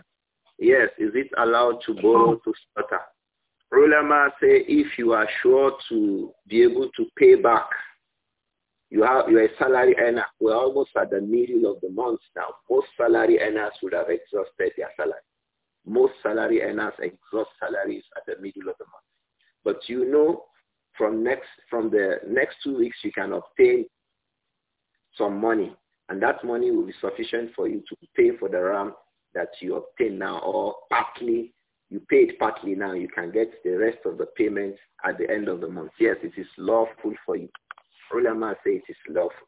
Yes, is it allowed to borrow to slaughter? Ulama say if you are sure to be able to pay back you have, you're a salary earner. We're almost at the middle of the month now. Most salary earners would have exhausted their salary. Most salary earners exhaust salaries at the middle of the month. But you know, from next, from the next two weeks, you can obtain some money. And that money will be sufficient for you to pay for the RAM that you obtain now or partly you paid partly now, you can get the rest of the payment at the end of the month. Yes, it is lawful for you. Ulama say it is lawful.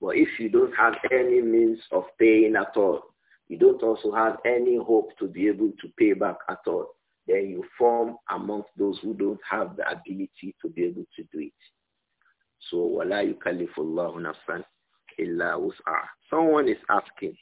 But if you don't have any means of paying at all, you don't also have any hope to be able to pay back at all, then you form amongst those who don't have the ability to be able to do it. So, وَلَا يُكَلِّفُ اللَّهُ نَفْسًا إِلَّا وُسْعَهَا Someone is asking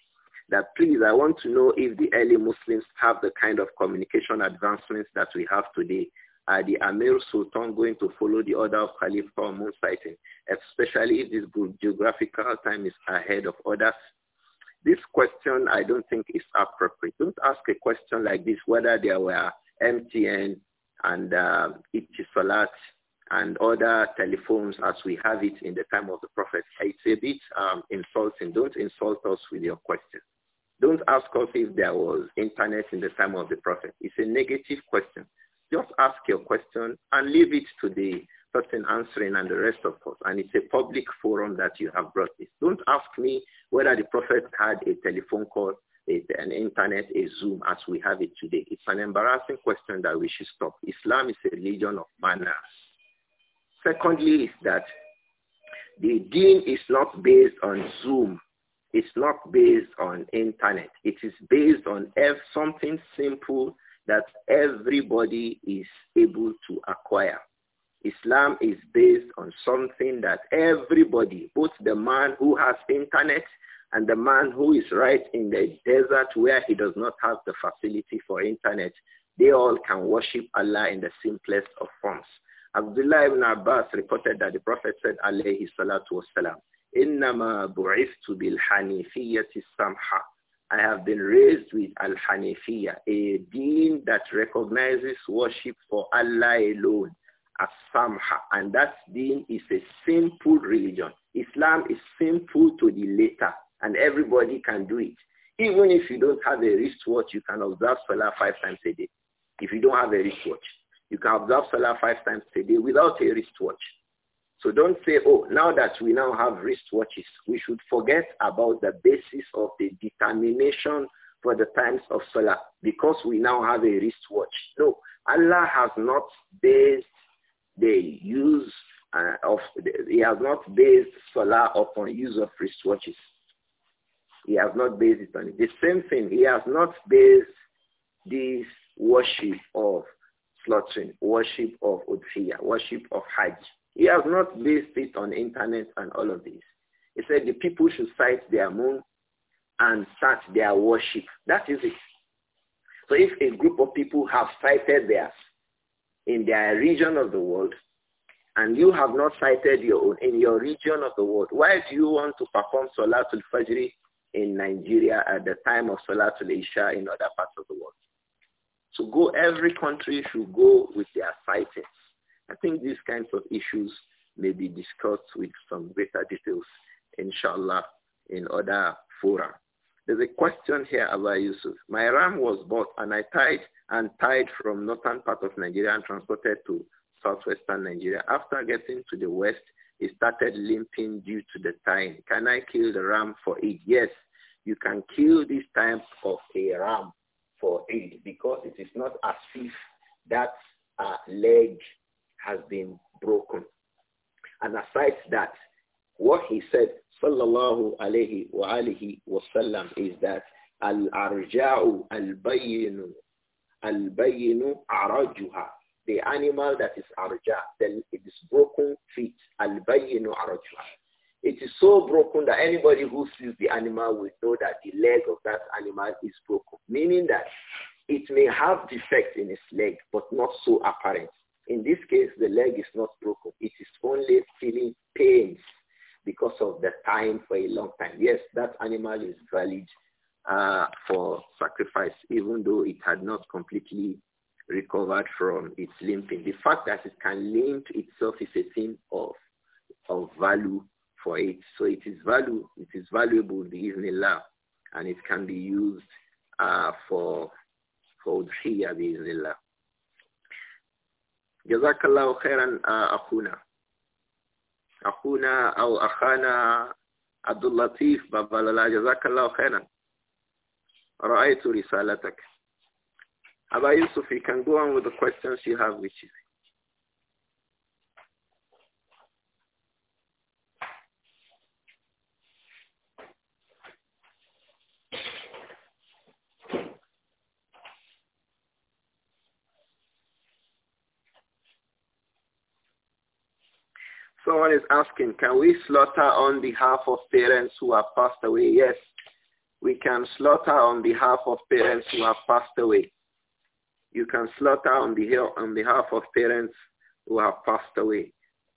that, please, I want to know if the early Muslims have the kind of communication advancements that we have today are the Amir Sultan going to follow the order of Khalifa or moon sighting, especially if this geographical time is ahead of others? This question I don't think is appropriate. Don't ask a question like this whether there were MTN and uh, um, Itisalat and other telephones as we have it in the time of the Prophet. It's a bit um, insulting. Don't insult us with your question. Don't ask us if there was internet in the time of the Prophet. It's a negative question. Just ask your question and leave it to the person answering and the rest of us. And it's a public forum that you have brought this. Don't ask me whether the prophet had a telephone call, a, an internet, a Zoom as we have it today. It's an embarrassing question that we should stop. Islam is a religion of manners. Secondly is that the deen is not based on Zoom. It's not based on internet. It is based on something simple that everybody is able to acquire. Islam is based on something that everybody, both the man who has internet and the man who is right in the desert where he does not have the facility for internet, they all can worship Allah in the simplest of forms. Abdullah ibn Abbas reported that the Prophet said, alayhi salatu wasalam, إِنَّمَا بُعِثْتُ بِالْحَنِيفِيَّةِ السَّمْحَةِ I have been raised with Al-Hanifiya, a deen that recognizes worship for Allah alone as Samha. And that deen is a simple religion. Islam is simple to the letter, and everybody can do it. Even if you don't have a wristwatch, you can observe Salah five times a day. If you don't have a wristwatch, you can observe Salah five times a day without a wristwatch. So don't say, oh, now that we now have wristwatches, we should forget about the basis of the determination for the times of Salah because we now have a wristwatch. No, Allah has not based the use uh, of, he has not based Salah upon use of wristwatches. He has not based it on it. The same thing, he has not based this worship of slaughtering, worship of Udhiyah, worship of Hajj he has not based it on internet and all of this. He said the people should cite their moon and start their worship. That is it. So if a group of people have cited theirs in their region of the world, and you have not cited your own in your region of the world, why do you want to perform Salatul Fajr in Nigeria at the time of Salatul Isha in other parts of the world? So go, every country should go with their sightings. I think these kinds of issues may be discussed with some greater details, inshallah, in other fora. There's a question here about Yusuf. My ram was bought and I tied and tied from northern part of Nigeria and transported to southwestern Nigeria. After getting to the west, it started limping due to the time. Can I kill the ram for it? Yes, you can kill this type of a ram for it because it is not as if that uh, leg has been broken. And aside that, what he said, sallallahu alayhi wa alihi wasallam, is that al-arja'u al-bayinu al-bayinu arajuha. The animal that is arja, then it is broken feet, al-bayinu arajuha. It is so broken that anybody who sees the animal will know that the leg of that animal is broken, meaning that it may have defect in its leg, but not so apparent. In this case, the leg is not broken. It is only feeling pains because of the time for a long time. Yes, that animal is valid uh, for sacrifice, even though it had not completely recovered from its limping. The fact that it can limp itself is a thing of, of value for it. So it is value, it is valuable, the Isnillah, and it can be used uh, for, for Udhiyya, the Isnillah. Jazakallahu khairan uh, akhuna. Akhuna aw akhana Abdul Latif Babalala. Jazakallahu khairan. رأيت رسالتك. Abba Yusuf, you can go on with the questions you have with you. Someone is asking, can we slaughter on behalf of parents who have passed away? Yes, we can slaughter on behalf of parents who have passed away. You can slaughter on, behalf of parents who have passed away,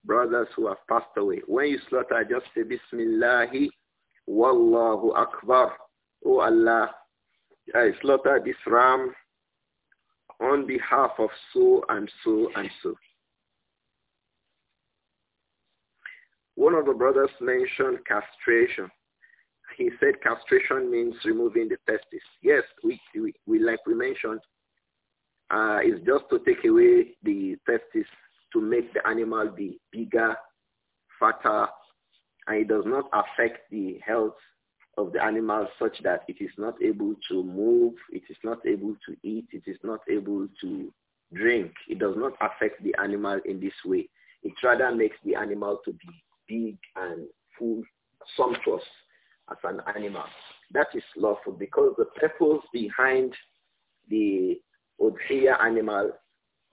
brothers who have passed away. When you slaughter, just say, Bismillahi Wallahu Akbar. Oh Allah, I slaughter this ram on behalf of so and so and so. One of the brothers mentioned castration. He said castration means removing the testes. Yes, we, we, we like we mentioned, uh, it's just to take away the testes to make the animal be bigger, fatter, and it does not affect the health of the animal such that it is not able to move, it is not able to eat, it is not able to drink. It does not affect the animal in this way. It rather makes the animal to be big and full, sumptuous as an animal. That is lawful because the purpose behind the udhiyah animal,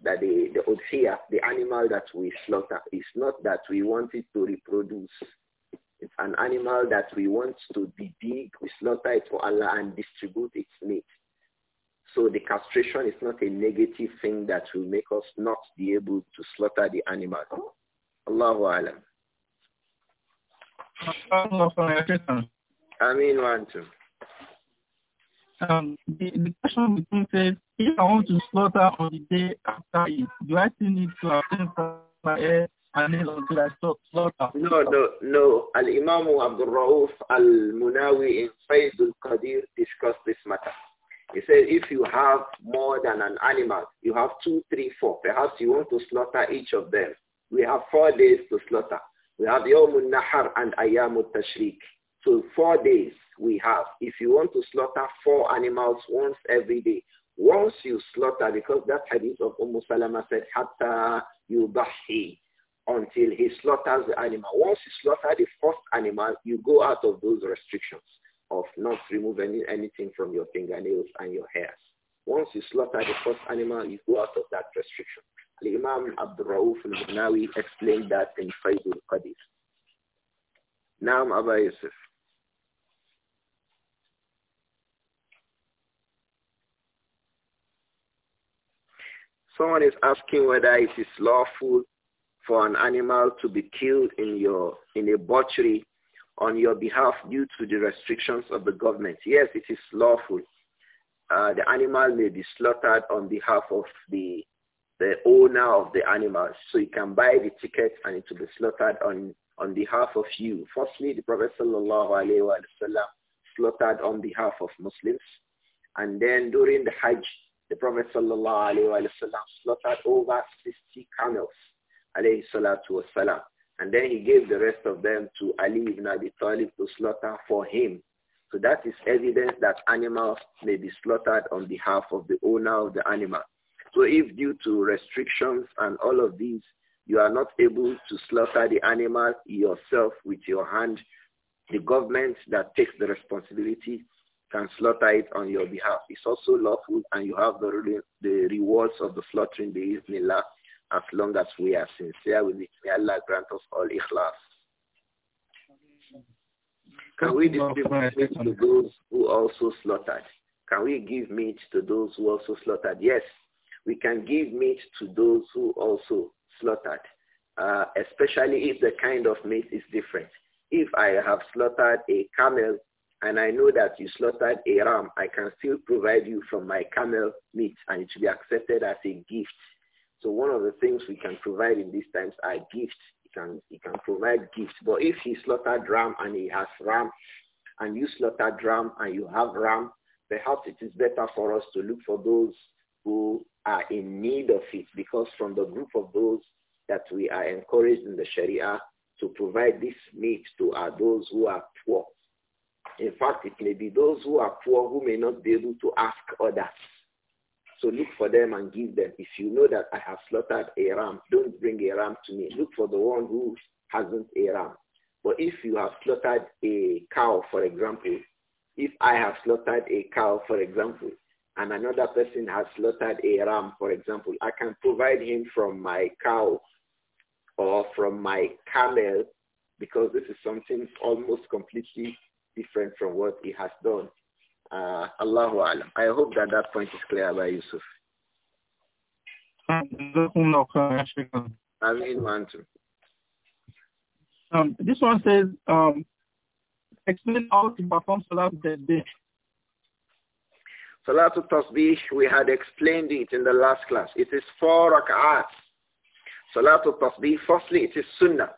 that the, the udhiyah, the animal that we slaughter, is not that we want it to reproduce. It's an animal that we want to be big. We slaughter it for Allah and distribute its meat. So the castration is not a negative thing that will make us not be able to slaughter the animal. Allahu Alam mean one too. Um, the, the question between says, if I want to slaughter on the day after it, do I still need to attend from my hair and nails until I stop slaughter? No, no, no. Al-Imam Abdul Rauf Al-Munawi in Sayyid al-Qadir discussed this matter. He said if you have more than an animal, you have two, three, four. Perhaps you want to slaughter each of them. We have four days to slaughter. We have Yawmun Nahar and Ayamut Tashrik. So four days we have. If you want to slaughter four animals once every day, once you slaughter, because that hadith of Umm Salama said, Hatta yubahi, until he slaughters the animal. Once you slaughter the first animal, you go out of those restrictions of not removing anything from your fingernails and your hairs. Once you slaughter the first animal, you go out of that restriction. The Imam Abdul Rauf al-Bugnawi explained that in Faidul Qadir. Naam Aba Yusuf. Someone is asking whether it is lawful for an animal to be killed in your in a butchery on your behalf due to the restrictions of the government. Yes, it is lawful. Uh, the animal may be slaughtered on behalf of the the owner of the animal so you can buy the ticket and it will be slaughtered on, on behalf of you. Firstly, the Prophet sallallahu slaughtered on behalf of Muslims. And then during the Hajj, the Prophet sallallahu slaughtered over 60 camels alayhi salatu wasalam. And then he gave the rest of them to Ali ibn Abi Talib to slaughter for him. So that is evidence that animals may be slaughtered on behalf of the owner of the animal. So if due to restrictions and all of these, you are not able to slaughter the animal yourself with your hand, the government that takes the responsibility can slaughter it on your behalf. It's also lawful and you have the, the rewards of the slaughtering the Iznillah as long as we are sincere with it. May Allah grant us all ikhlas. Can we distribute meat to those who also slaughtered? Can we give meat to those who also slaughtered? Yes, we can give meat to those who also slaughtered, uh, especially if the kind of meat is different. If I have slaughtered a camel and I know that you slaughtered a ram, I can still provide you from my camel meat and it should be accepted as a gift. So one of the things we can provide in these times are gifts. He can, he can provide gifts. But if he slaughtered ram and he has ram and you slaughtered ram and you have ram, perhaps it is better for us to look for those who are in need of it because from the group of those that we are encouraged in the Sharia to provide this meat to are those who are poor. In fact, it may be those who are poor who may not be able to ask others. So look for them and give them. If you know that I have slaughtered a ram, don't bring a ram to me. Look for the one who hasn't a ram. But if you have slaughtered a cow, for example, if I have slaughtered a cow, for example, and another person has slaughtered a ram, for example, I can provide him from my cow or from my camel because this is something almost completely different from what he has done. Uh, Allahu Alam. I hope that that point is clear by Yusuf. I mean, one too. Um, this one says, um, explain how to perform salat that day. Salatul Tasbih, we had explained it in the last class. It is four rak'ats. Salatul Tasbih, firstly, it is sunnah.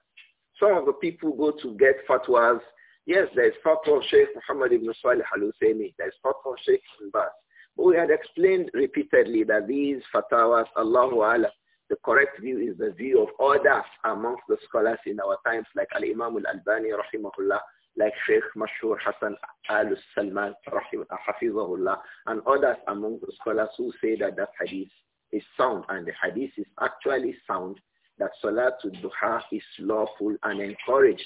Some of the people go to get fatwas. Yes, there is fatwa of Sheikh Muhammad ibn Salih al-Husaymi. There is fatwa of Sheikh ibn Baz. But we had explained repeatedly that these fatwas, Allahu Alam, the correct view is the view of others amongst the scholars in our times, like Al-Imam al-Albani, rahimahullah, like Sheikh Mashur Hassan al-Salman, rahimahullah, and others among the scholars who say that that hadith is sound, and the hadith is actually sound, that Salatul Duha is lawful and encouraged.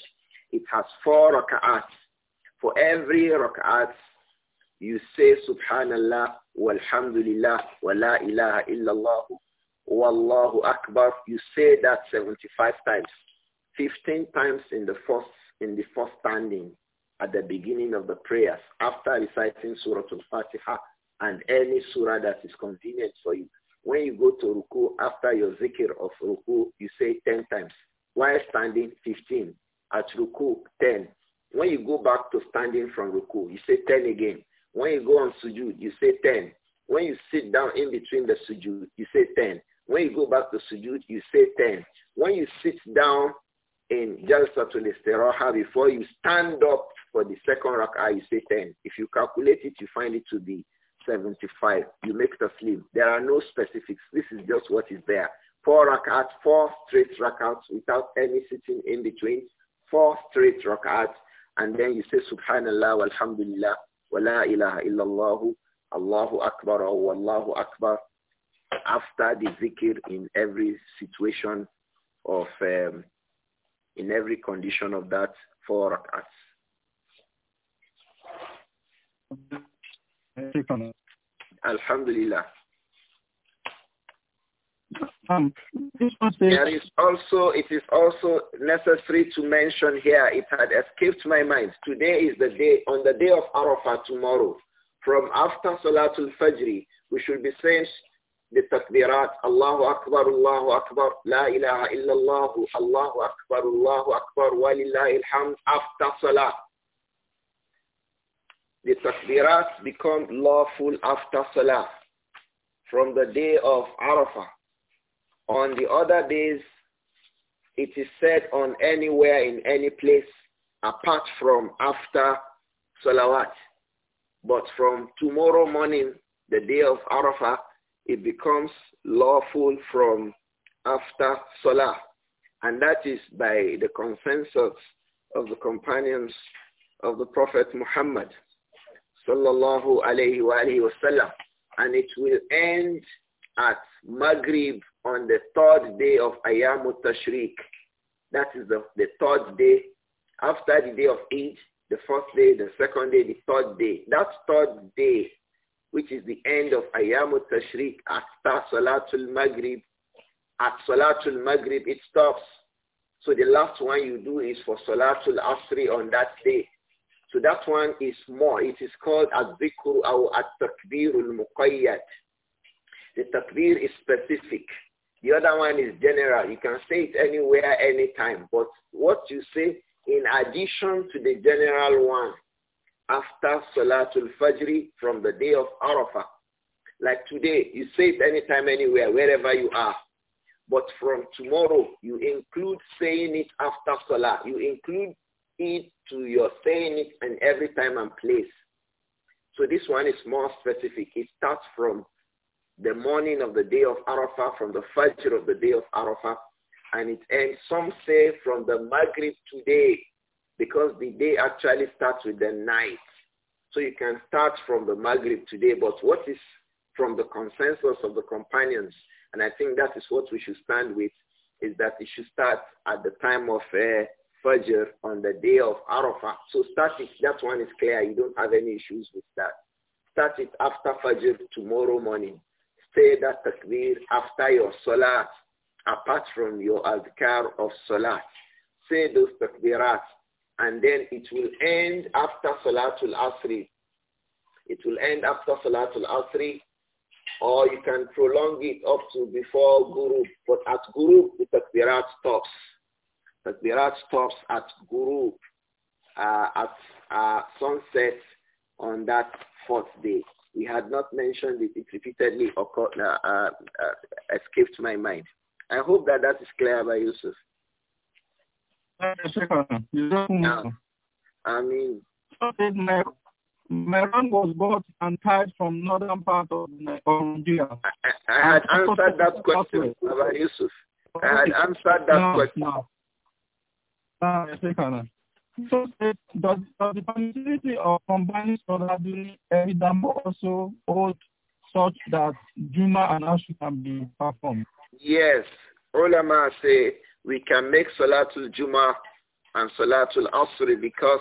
It has four rak'ats. For every rak'at, you say Subhanallah, Walhamdulillah, Wa la ilaha illallah, Wallahu Akbar. You say that 75 times. 15 times in the first in the first standing at the beginning of the prayers after reciting Surah Al-Fatiha and any surah that is convenient for you. When you go to ruku after your zikr of ruku, you say 10 times. While standing, 15. At ruku, 10. When you go back to standing from ruku, you say 10 again. When you go on sujud, you say 10. When you sit down in between the sujud, you say 10. When you go back to sujud, you say 10. When you sit down in Jalsatul Istiraha before you stand up for the second rak'ah, you say 10. If you calculate it, you find it to be 75. You make the slim. There are no specifics. This is just what is there. Four rakats, four straight rakats without any sitting in between, four straight rakats, and then you say Subhanallah, Alhamdulillah, wa la ilaha illallah, Allahu Akbar, or Allahu Akbar, after the zikr in every situation of um, in every condition of that four rak'ats. Alhamdulillah. Um, there is also, it is also necessary to mention here, it had escaped my mind. Today is the day, on the day of Arafah tomorrow, from after Salatul Fajr, we should be saying the takbirat, Allahu Akbar, Allahu Akbar, إله إلا الله, Allahu Akbar, Allahu Akbar, وَلِلَّهِ الحَمْدِ. after salah. The takbirat become lawful after salah from the day of Arafah. On the other days, it is said on anywhere in any place apart from after salawat. But from tomorrow morning, the day of Arafah, it becomes lawful from after Salah. And that is by the consensus of the companions of the Prophet Muhammad sallallahu alayhi wa alayhi wasallam. And it will end at Maghrib on the third day of Ayam Tashriq. That is the, the third day. After the day of Eid, the first day, the second day, the third day. That third day which is the end of Ayamut Tashriq after Salatul Maghrib. At Salatul Maghrib, it stops. So the last one you do is for Salatul Asri on that day. So that one is more. It is called Al-Dhikr or Al-Takbir Al-Muqayyad. The Takbir is specific. The other one is general. You can say it anywhere, anytime. But what you say in addition to the general one, after Salatul Fajr from the day of Arafah. Like today, you say it anytime, anywhere, wherever you are. But from tomorrow, you include saying it after Salah. You include it to your saying it and every time and place. So this one is more specific. It starts from the morning of the day of Arafah, from the Fajr of the day of Arafah, and it ends, some say, from the Maghrib today, because the day actually starts with the night. So you can start from the Maghrib today, but what is from the consensus of the companions, and I think that is what we should stand with, is that it should start at the time of uh, Fajr on the day of Arafah. So start it, that one is clear, you don't have any issues with that. Start it after Fajr tomorrow morning. Say that takbir after your Salat, apart from your adhkar of Salat. Say those takbirat and then it will end after Salatul Asri. It will end after Salatul Asri or you can prolong it up to before Guru. But at Guru, the Takbirat stops. Takbirat stops at Guru uh, at uh, sunset on that fourth day. We had not mentioned it. It repeatedly occurred, uh, uh, uh escaped my mind. I hope that that is clear by Yusuf. Yeah. I mean, so Meron was bought and tied from northern part of Nigeria. I, I had answered that question, Baba Yusuf. I had answered that no, question. No. so does, does the possibility of combining Sodaduni Evidam also hold such that Juma and Ashu can be performed? Yes. Ulama say we can make Salatul Juma and Salatul Asr because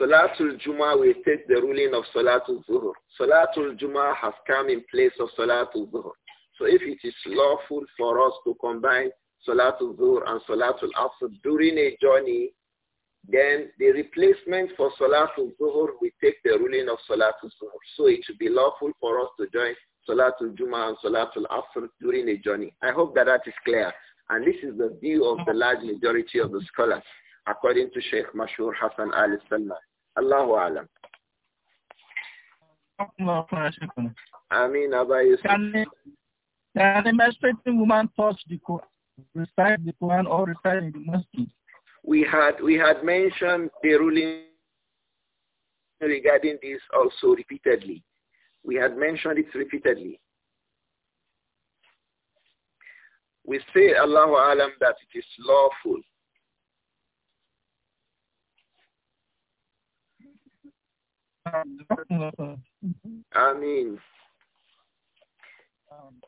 Salatul Juma will take the ruling of Salatul Zuhur. Salatul Juma has come in place of Salatul Zuhur. So if it is lawful for us to combine Salatul Zuhur and Salatul Asr during a journey, then the replacement for Salatul Zuhur will take the ruling of Salatul Zuhur. So it should be lawful for us to join Salatul Juma and Salatul Asr during a journey. I hope that that is clear. And this is the view of the large majority of the scholars, according to Sheikh Mashur Hassan Al Salman. Allahu Alam. I mean, Abba Yusuf. Can, the a menstruating woman touch the Quran, recite the Quran or recite the mosque? We had, we had mentioned the ruling regarding this also repeatedly. We had mentioned it repeatedly We say, Allahu Alam, that it is lawful. Amin.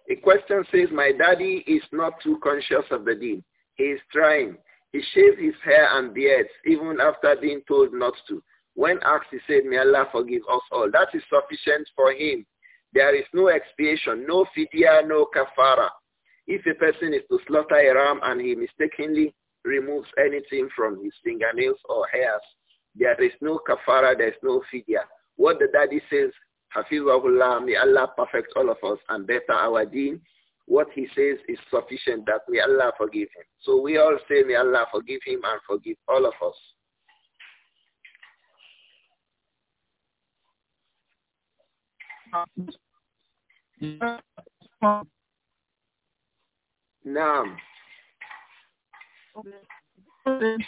a question says, my daddy is not too conscious of the deen. He is trying. He shaves his hair and beards even after being told not to. When asked, he said, may Allah forgive us all. That is sufficient for him. There is no expiation, no fidya, no kafara. If a person is to slaughter a ram and he mistakenly removes anything from his fingernails or hairs, there is no kafara, there is no fidya. What the daddy says, hafiz Hafizahullah, may Allah perfect all of us and better our deen. What he says is sufficient that may Allah forgive him. So we all say may Allah forgive him and forgive all of us. Uh -huh. Naam. it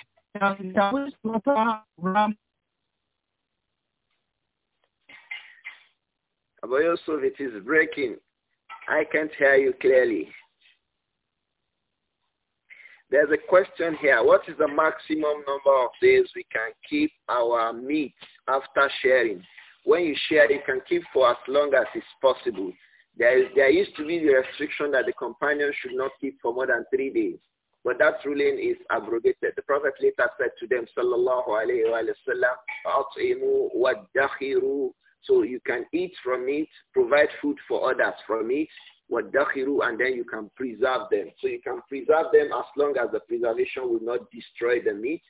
is breaking. I can't hear you clearly. There's a question here. What is the maximum number of days we can keep our meat after sharing? When you share, you can keep for as long as is possible. There, there used to be the restriction that the companion should not keep for more than three days. But that ruling is abrogated. The Prophet later said to them, Sallallahu Alaihi Wasallam, So you can eat from it, provide food for others from it, and then you can preserve them. So you can preserve them as long as the preservation will not destroy the meat.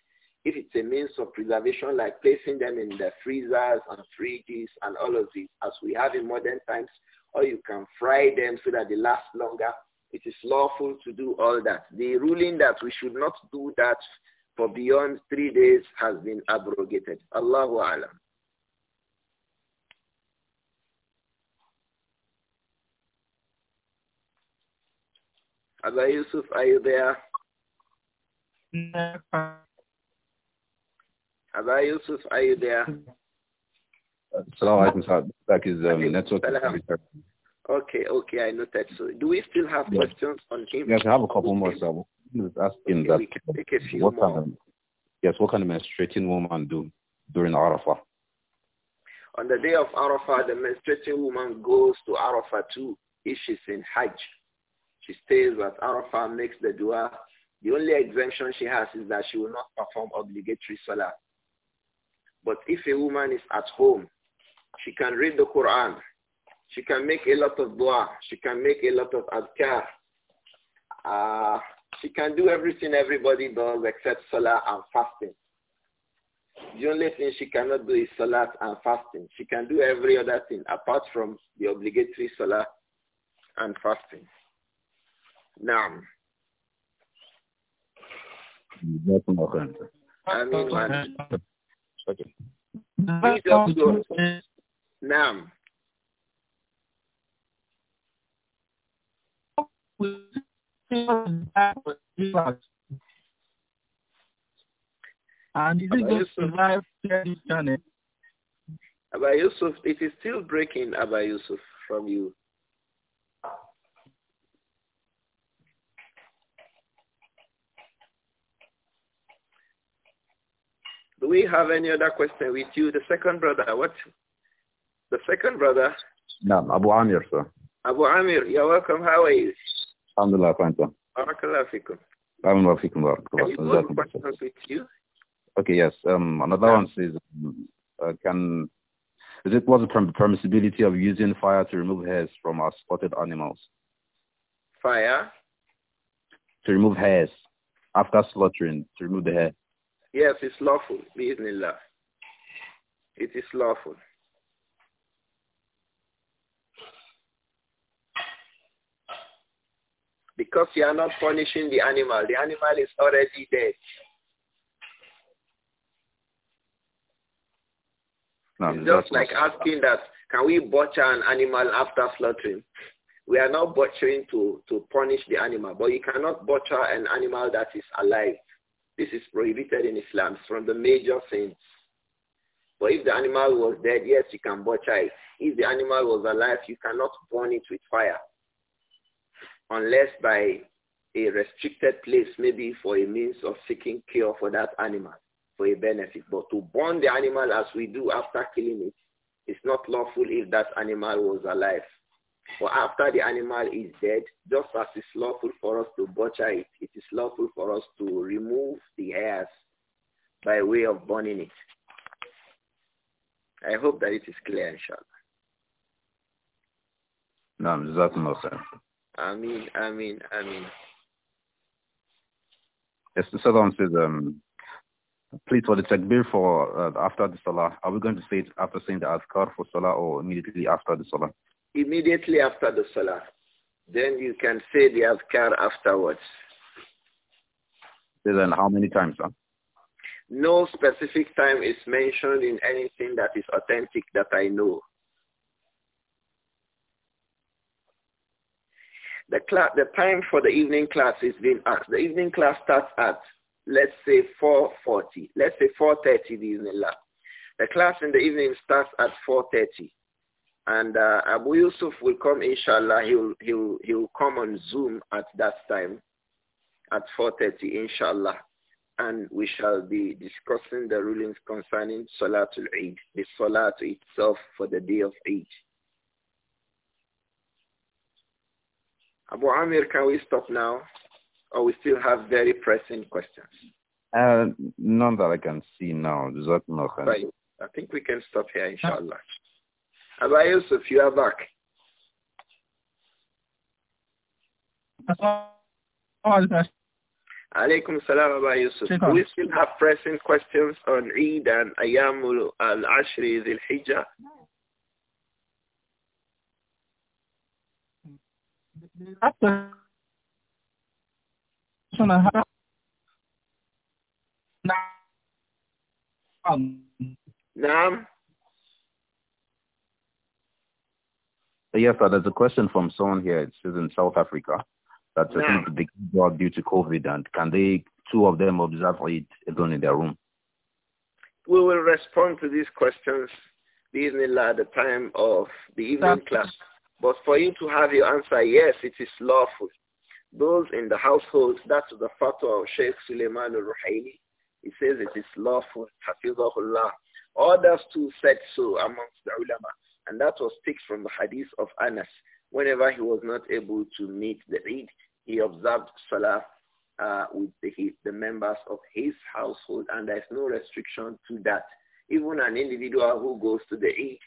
If it's a means of preservation, like placing them in the freezers and fridges and all of these, as we have in modern times, or you can fry them so that they last longer. It is lawful to do all that. The ruling that we should not do that for beyond three days has been abrogated. Allahu Alam. Abba Yusuf, are you there? Abba Yusuf, are you there? um, network. Okay, okay, I noted. So do we still have questions on him? Yes, I have a couple more, sir. Asking okay, that, we can take a few what more. yes, what can a menstruating woman do during Arafah? On the day of Arafah, the menstruating woman goes to Arafah too if she's in Hajj. She stays at Arafah, makes the dua. The only exemption she has is that she will not perform obligatory salah. But if a woman is at home she can read the Quran. She can make a lot of dua. She can make a lot of adkar. Uh, she can do everything everybody does except salah and fasting. The only thing she cannot do is salah and fasting. She can do every other thing apart from the obligatory salah and fasting. Naam. Now, And is it going to survive this channel? Abba Yusuf, it is still breaking, Abba Yusuf, from you. Do we have any other question with you? The second brother, what the second brother? No, Abu Amir, sir. Abu Amir, you're welcome. How are you? Alhamdulillah, fine, sir. Barakallah fikum. Barakallah fikum. Barakallah. with you? Okay, yes. Um, another yeah. one says, uh, can is it was the permissibility of using fire to remove hairs from our spotted animals? Fire? To remove hairs after slaughtering, to remove the hair. Yes, it's lawful, It is lawful. Because you are not punishing the animal. The animal is already dead. No, it's just like asking that, can we butcher an animal after slaughtering? We are not butchering to, to punish the animal, but you cannot butcher an animal that is alive. This is prohibited in Islam. It's from the major sins. But if the animal was dead, yes, you can butcher it. If the animal was alive, you cannot burn it with fire unless by a restricted place, maybe for a means of seeking cure for that animal, for a benefit. But to burn the animal as we do after killing it, it's not lawful if that animal was alive. Or after the animal is dead, just as it's lawful for us to butcher it, it is lawful for us to remove the hairs by way of burning it. I hope that it is clear, inshallah. No, I I mean, mean, I mean. Yes, the Salam says, um, please for the takbir for uh, after the salah. Are we going to say it after saying the azkar for salah or immediately after the salah? Immediately after the salah. Then you can say the azkar afterwards. Then how many times? Huh? No specific time is mentioned in anything that is authentic that I know. The, class, the time for the evening class is being asked. The evening class starts at, let's say, 4.40. Let's say 4.30 the evening lab. The class in the evening starts at 4.30. And uh, Abu Yusuf will come, inshallah. He'll, he'll, he'll come on Zoom at that time, at 4.30, inshallah. And we shall be discussing the rulings concerning Salatul Eid, the Salat itself for the day of Eid. Abu Amir, can we stop now? Or we still have very pressing questions? Uh, none that I can see now. Right. I think we can stop here, inshallah. Abu Yusuf, you are back. Alaykum salam, Abu Yusuf. Do we still have pressing questions on Eid and Ayamul al-Ashri, Zil-Hijjah? Yes, sir. There's a question from someone here. It says in South Africa that no. think they got due to COVID, and can they two of them observe it alone in their room? We will respond to these questions, these at the time of the evening That's class. But for you to have your answer, yes, it is lawful. Those in the household, that's the fatwa of Sheikh Suleiman al-Ruhaili. He says it is lawful. Hafizahullah. Others too said so amongst the ulama. And that was picked from the hadith of Anas. Whenever he was not able to meet the Eid, he observed Salah uh, with the, the members of his household. And there's no restriction to that. Even an individual who goes to the Eid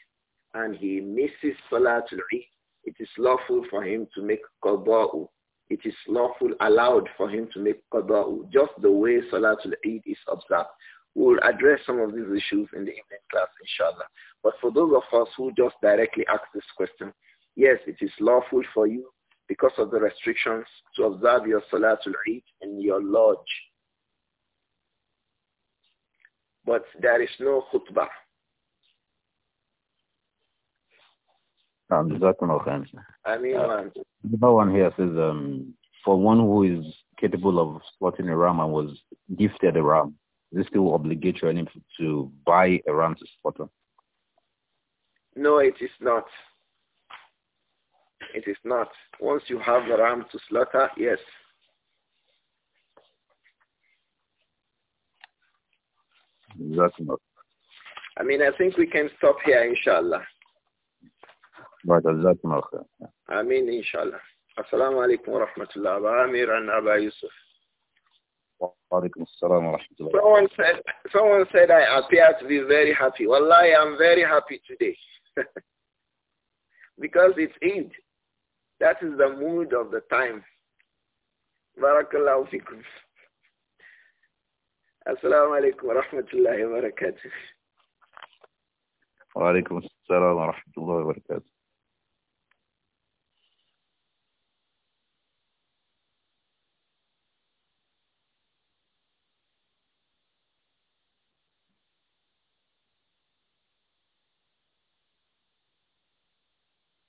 and he misses the Eid, it is lawful for him to make qada'u. It is lawful, allowed for him to make qada'u, just the way Salatul Eid is observed. We will address some of these issues in the evening class, inshallah. But for those of us who just directly ask this question, yes, it is lawful for you because of the restrictions to observe your Salatul Eid in your lodge. But there is no khutbah. Um, I mean, uh, the one here says, um, for one who is capable of slaughtering a ram and was gifted a ram, is it still obligatory to buy a ram to slaughter? No, it is not. It is not. Once you have the ram to slaughter, yes. That's not. I mean, I think we can stop here, inshallah. Someone said, someone said I appear to be very happy. Well, I'm very happy today. because it's Eid. That is the mood of the time. Barakallahu fikum. Assalamu alaikum wa wa barakatuh. وعليكم السلام ورحمة الله وبركاته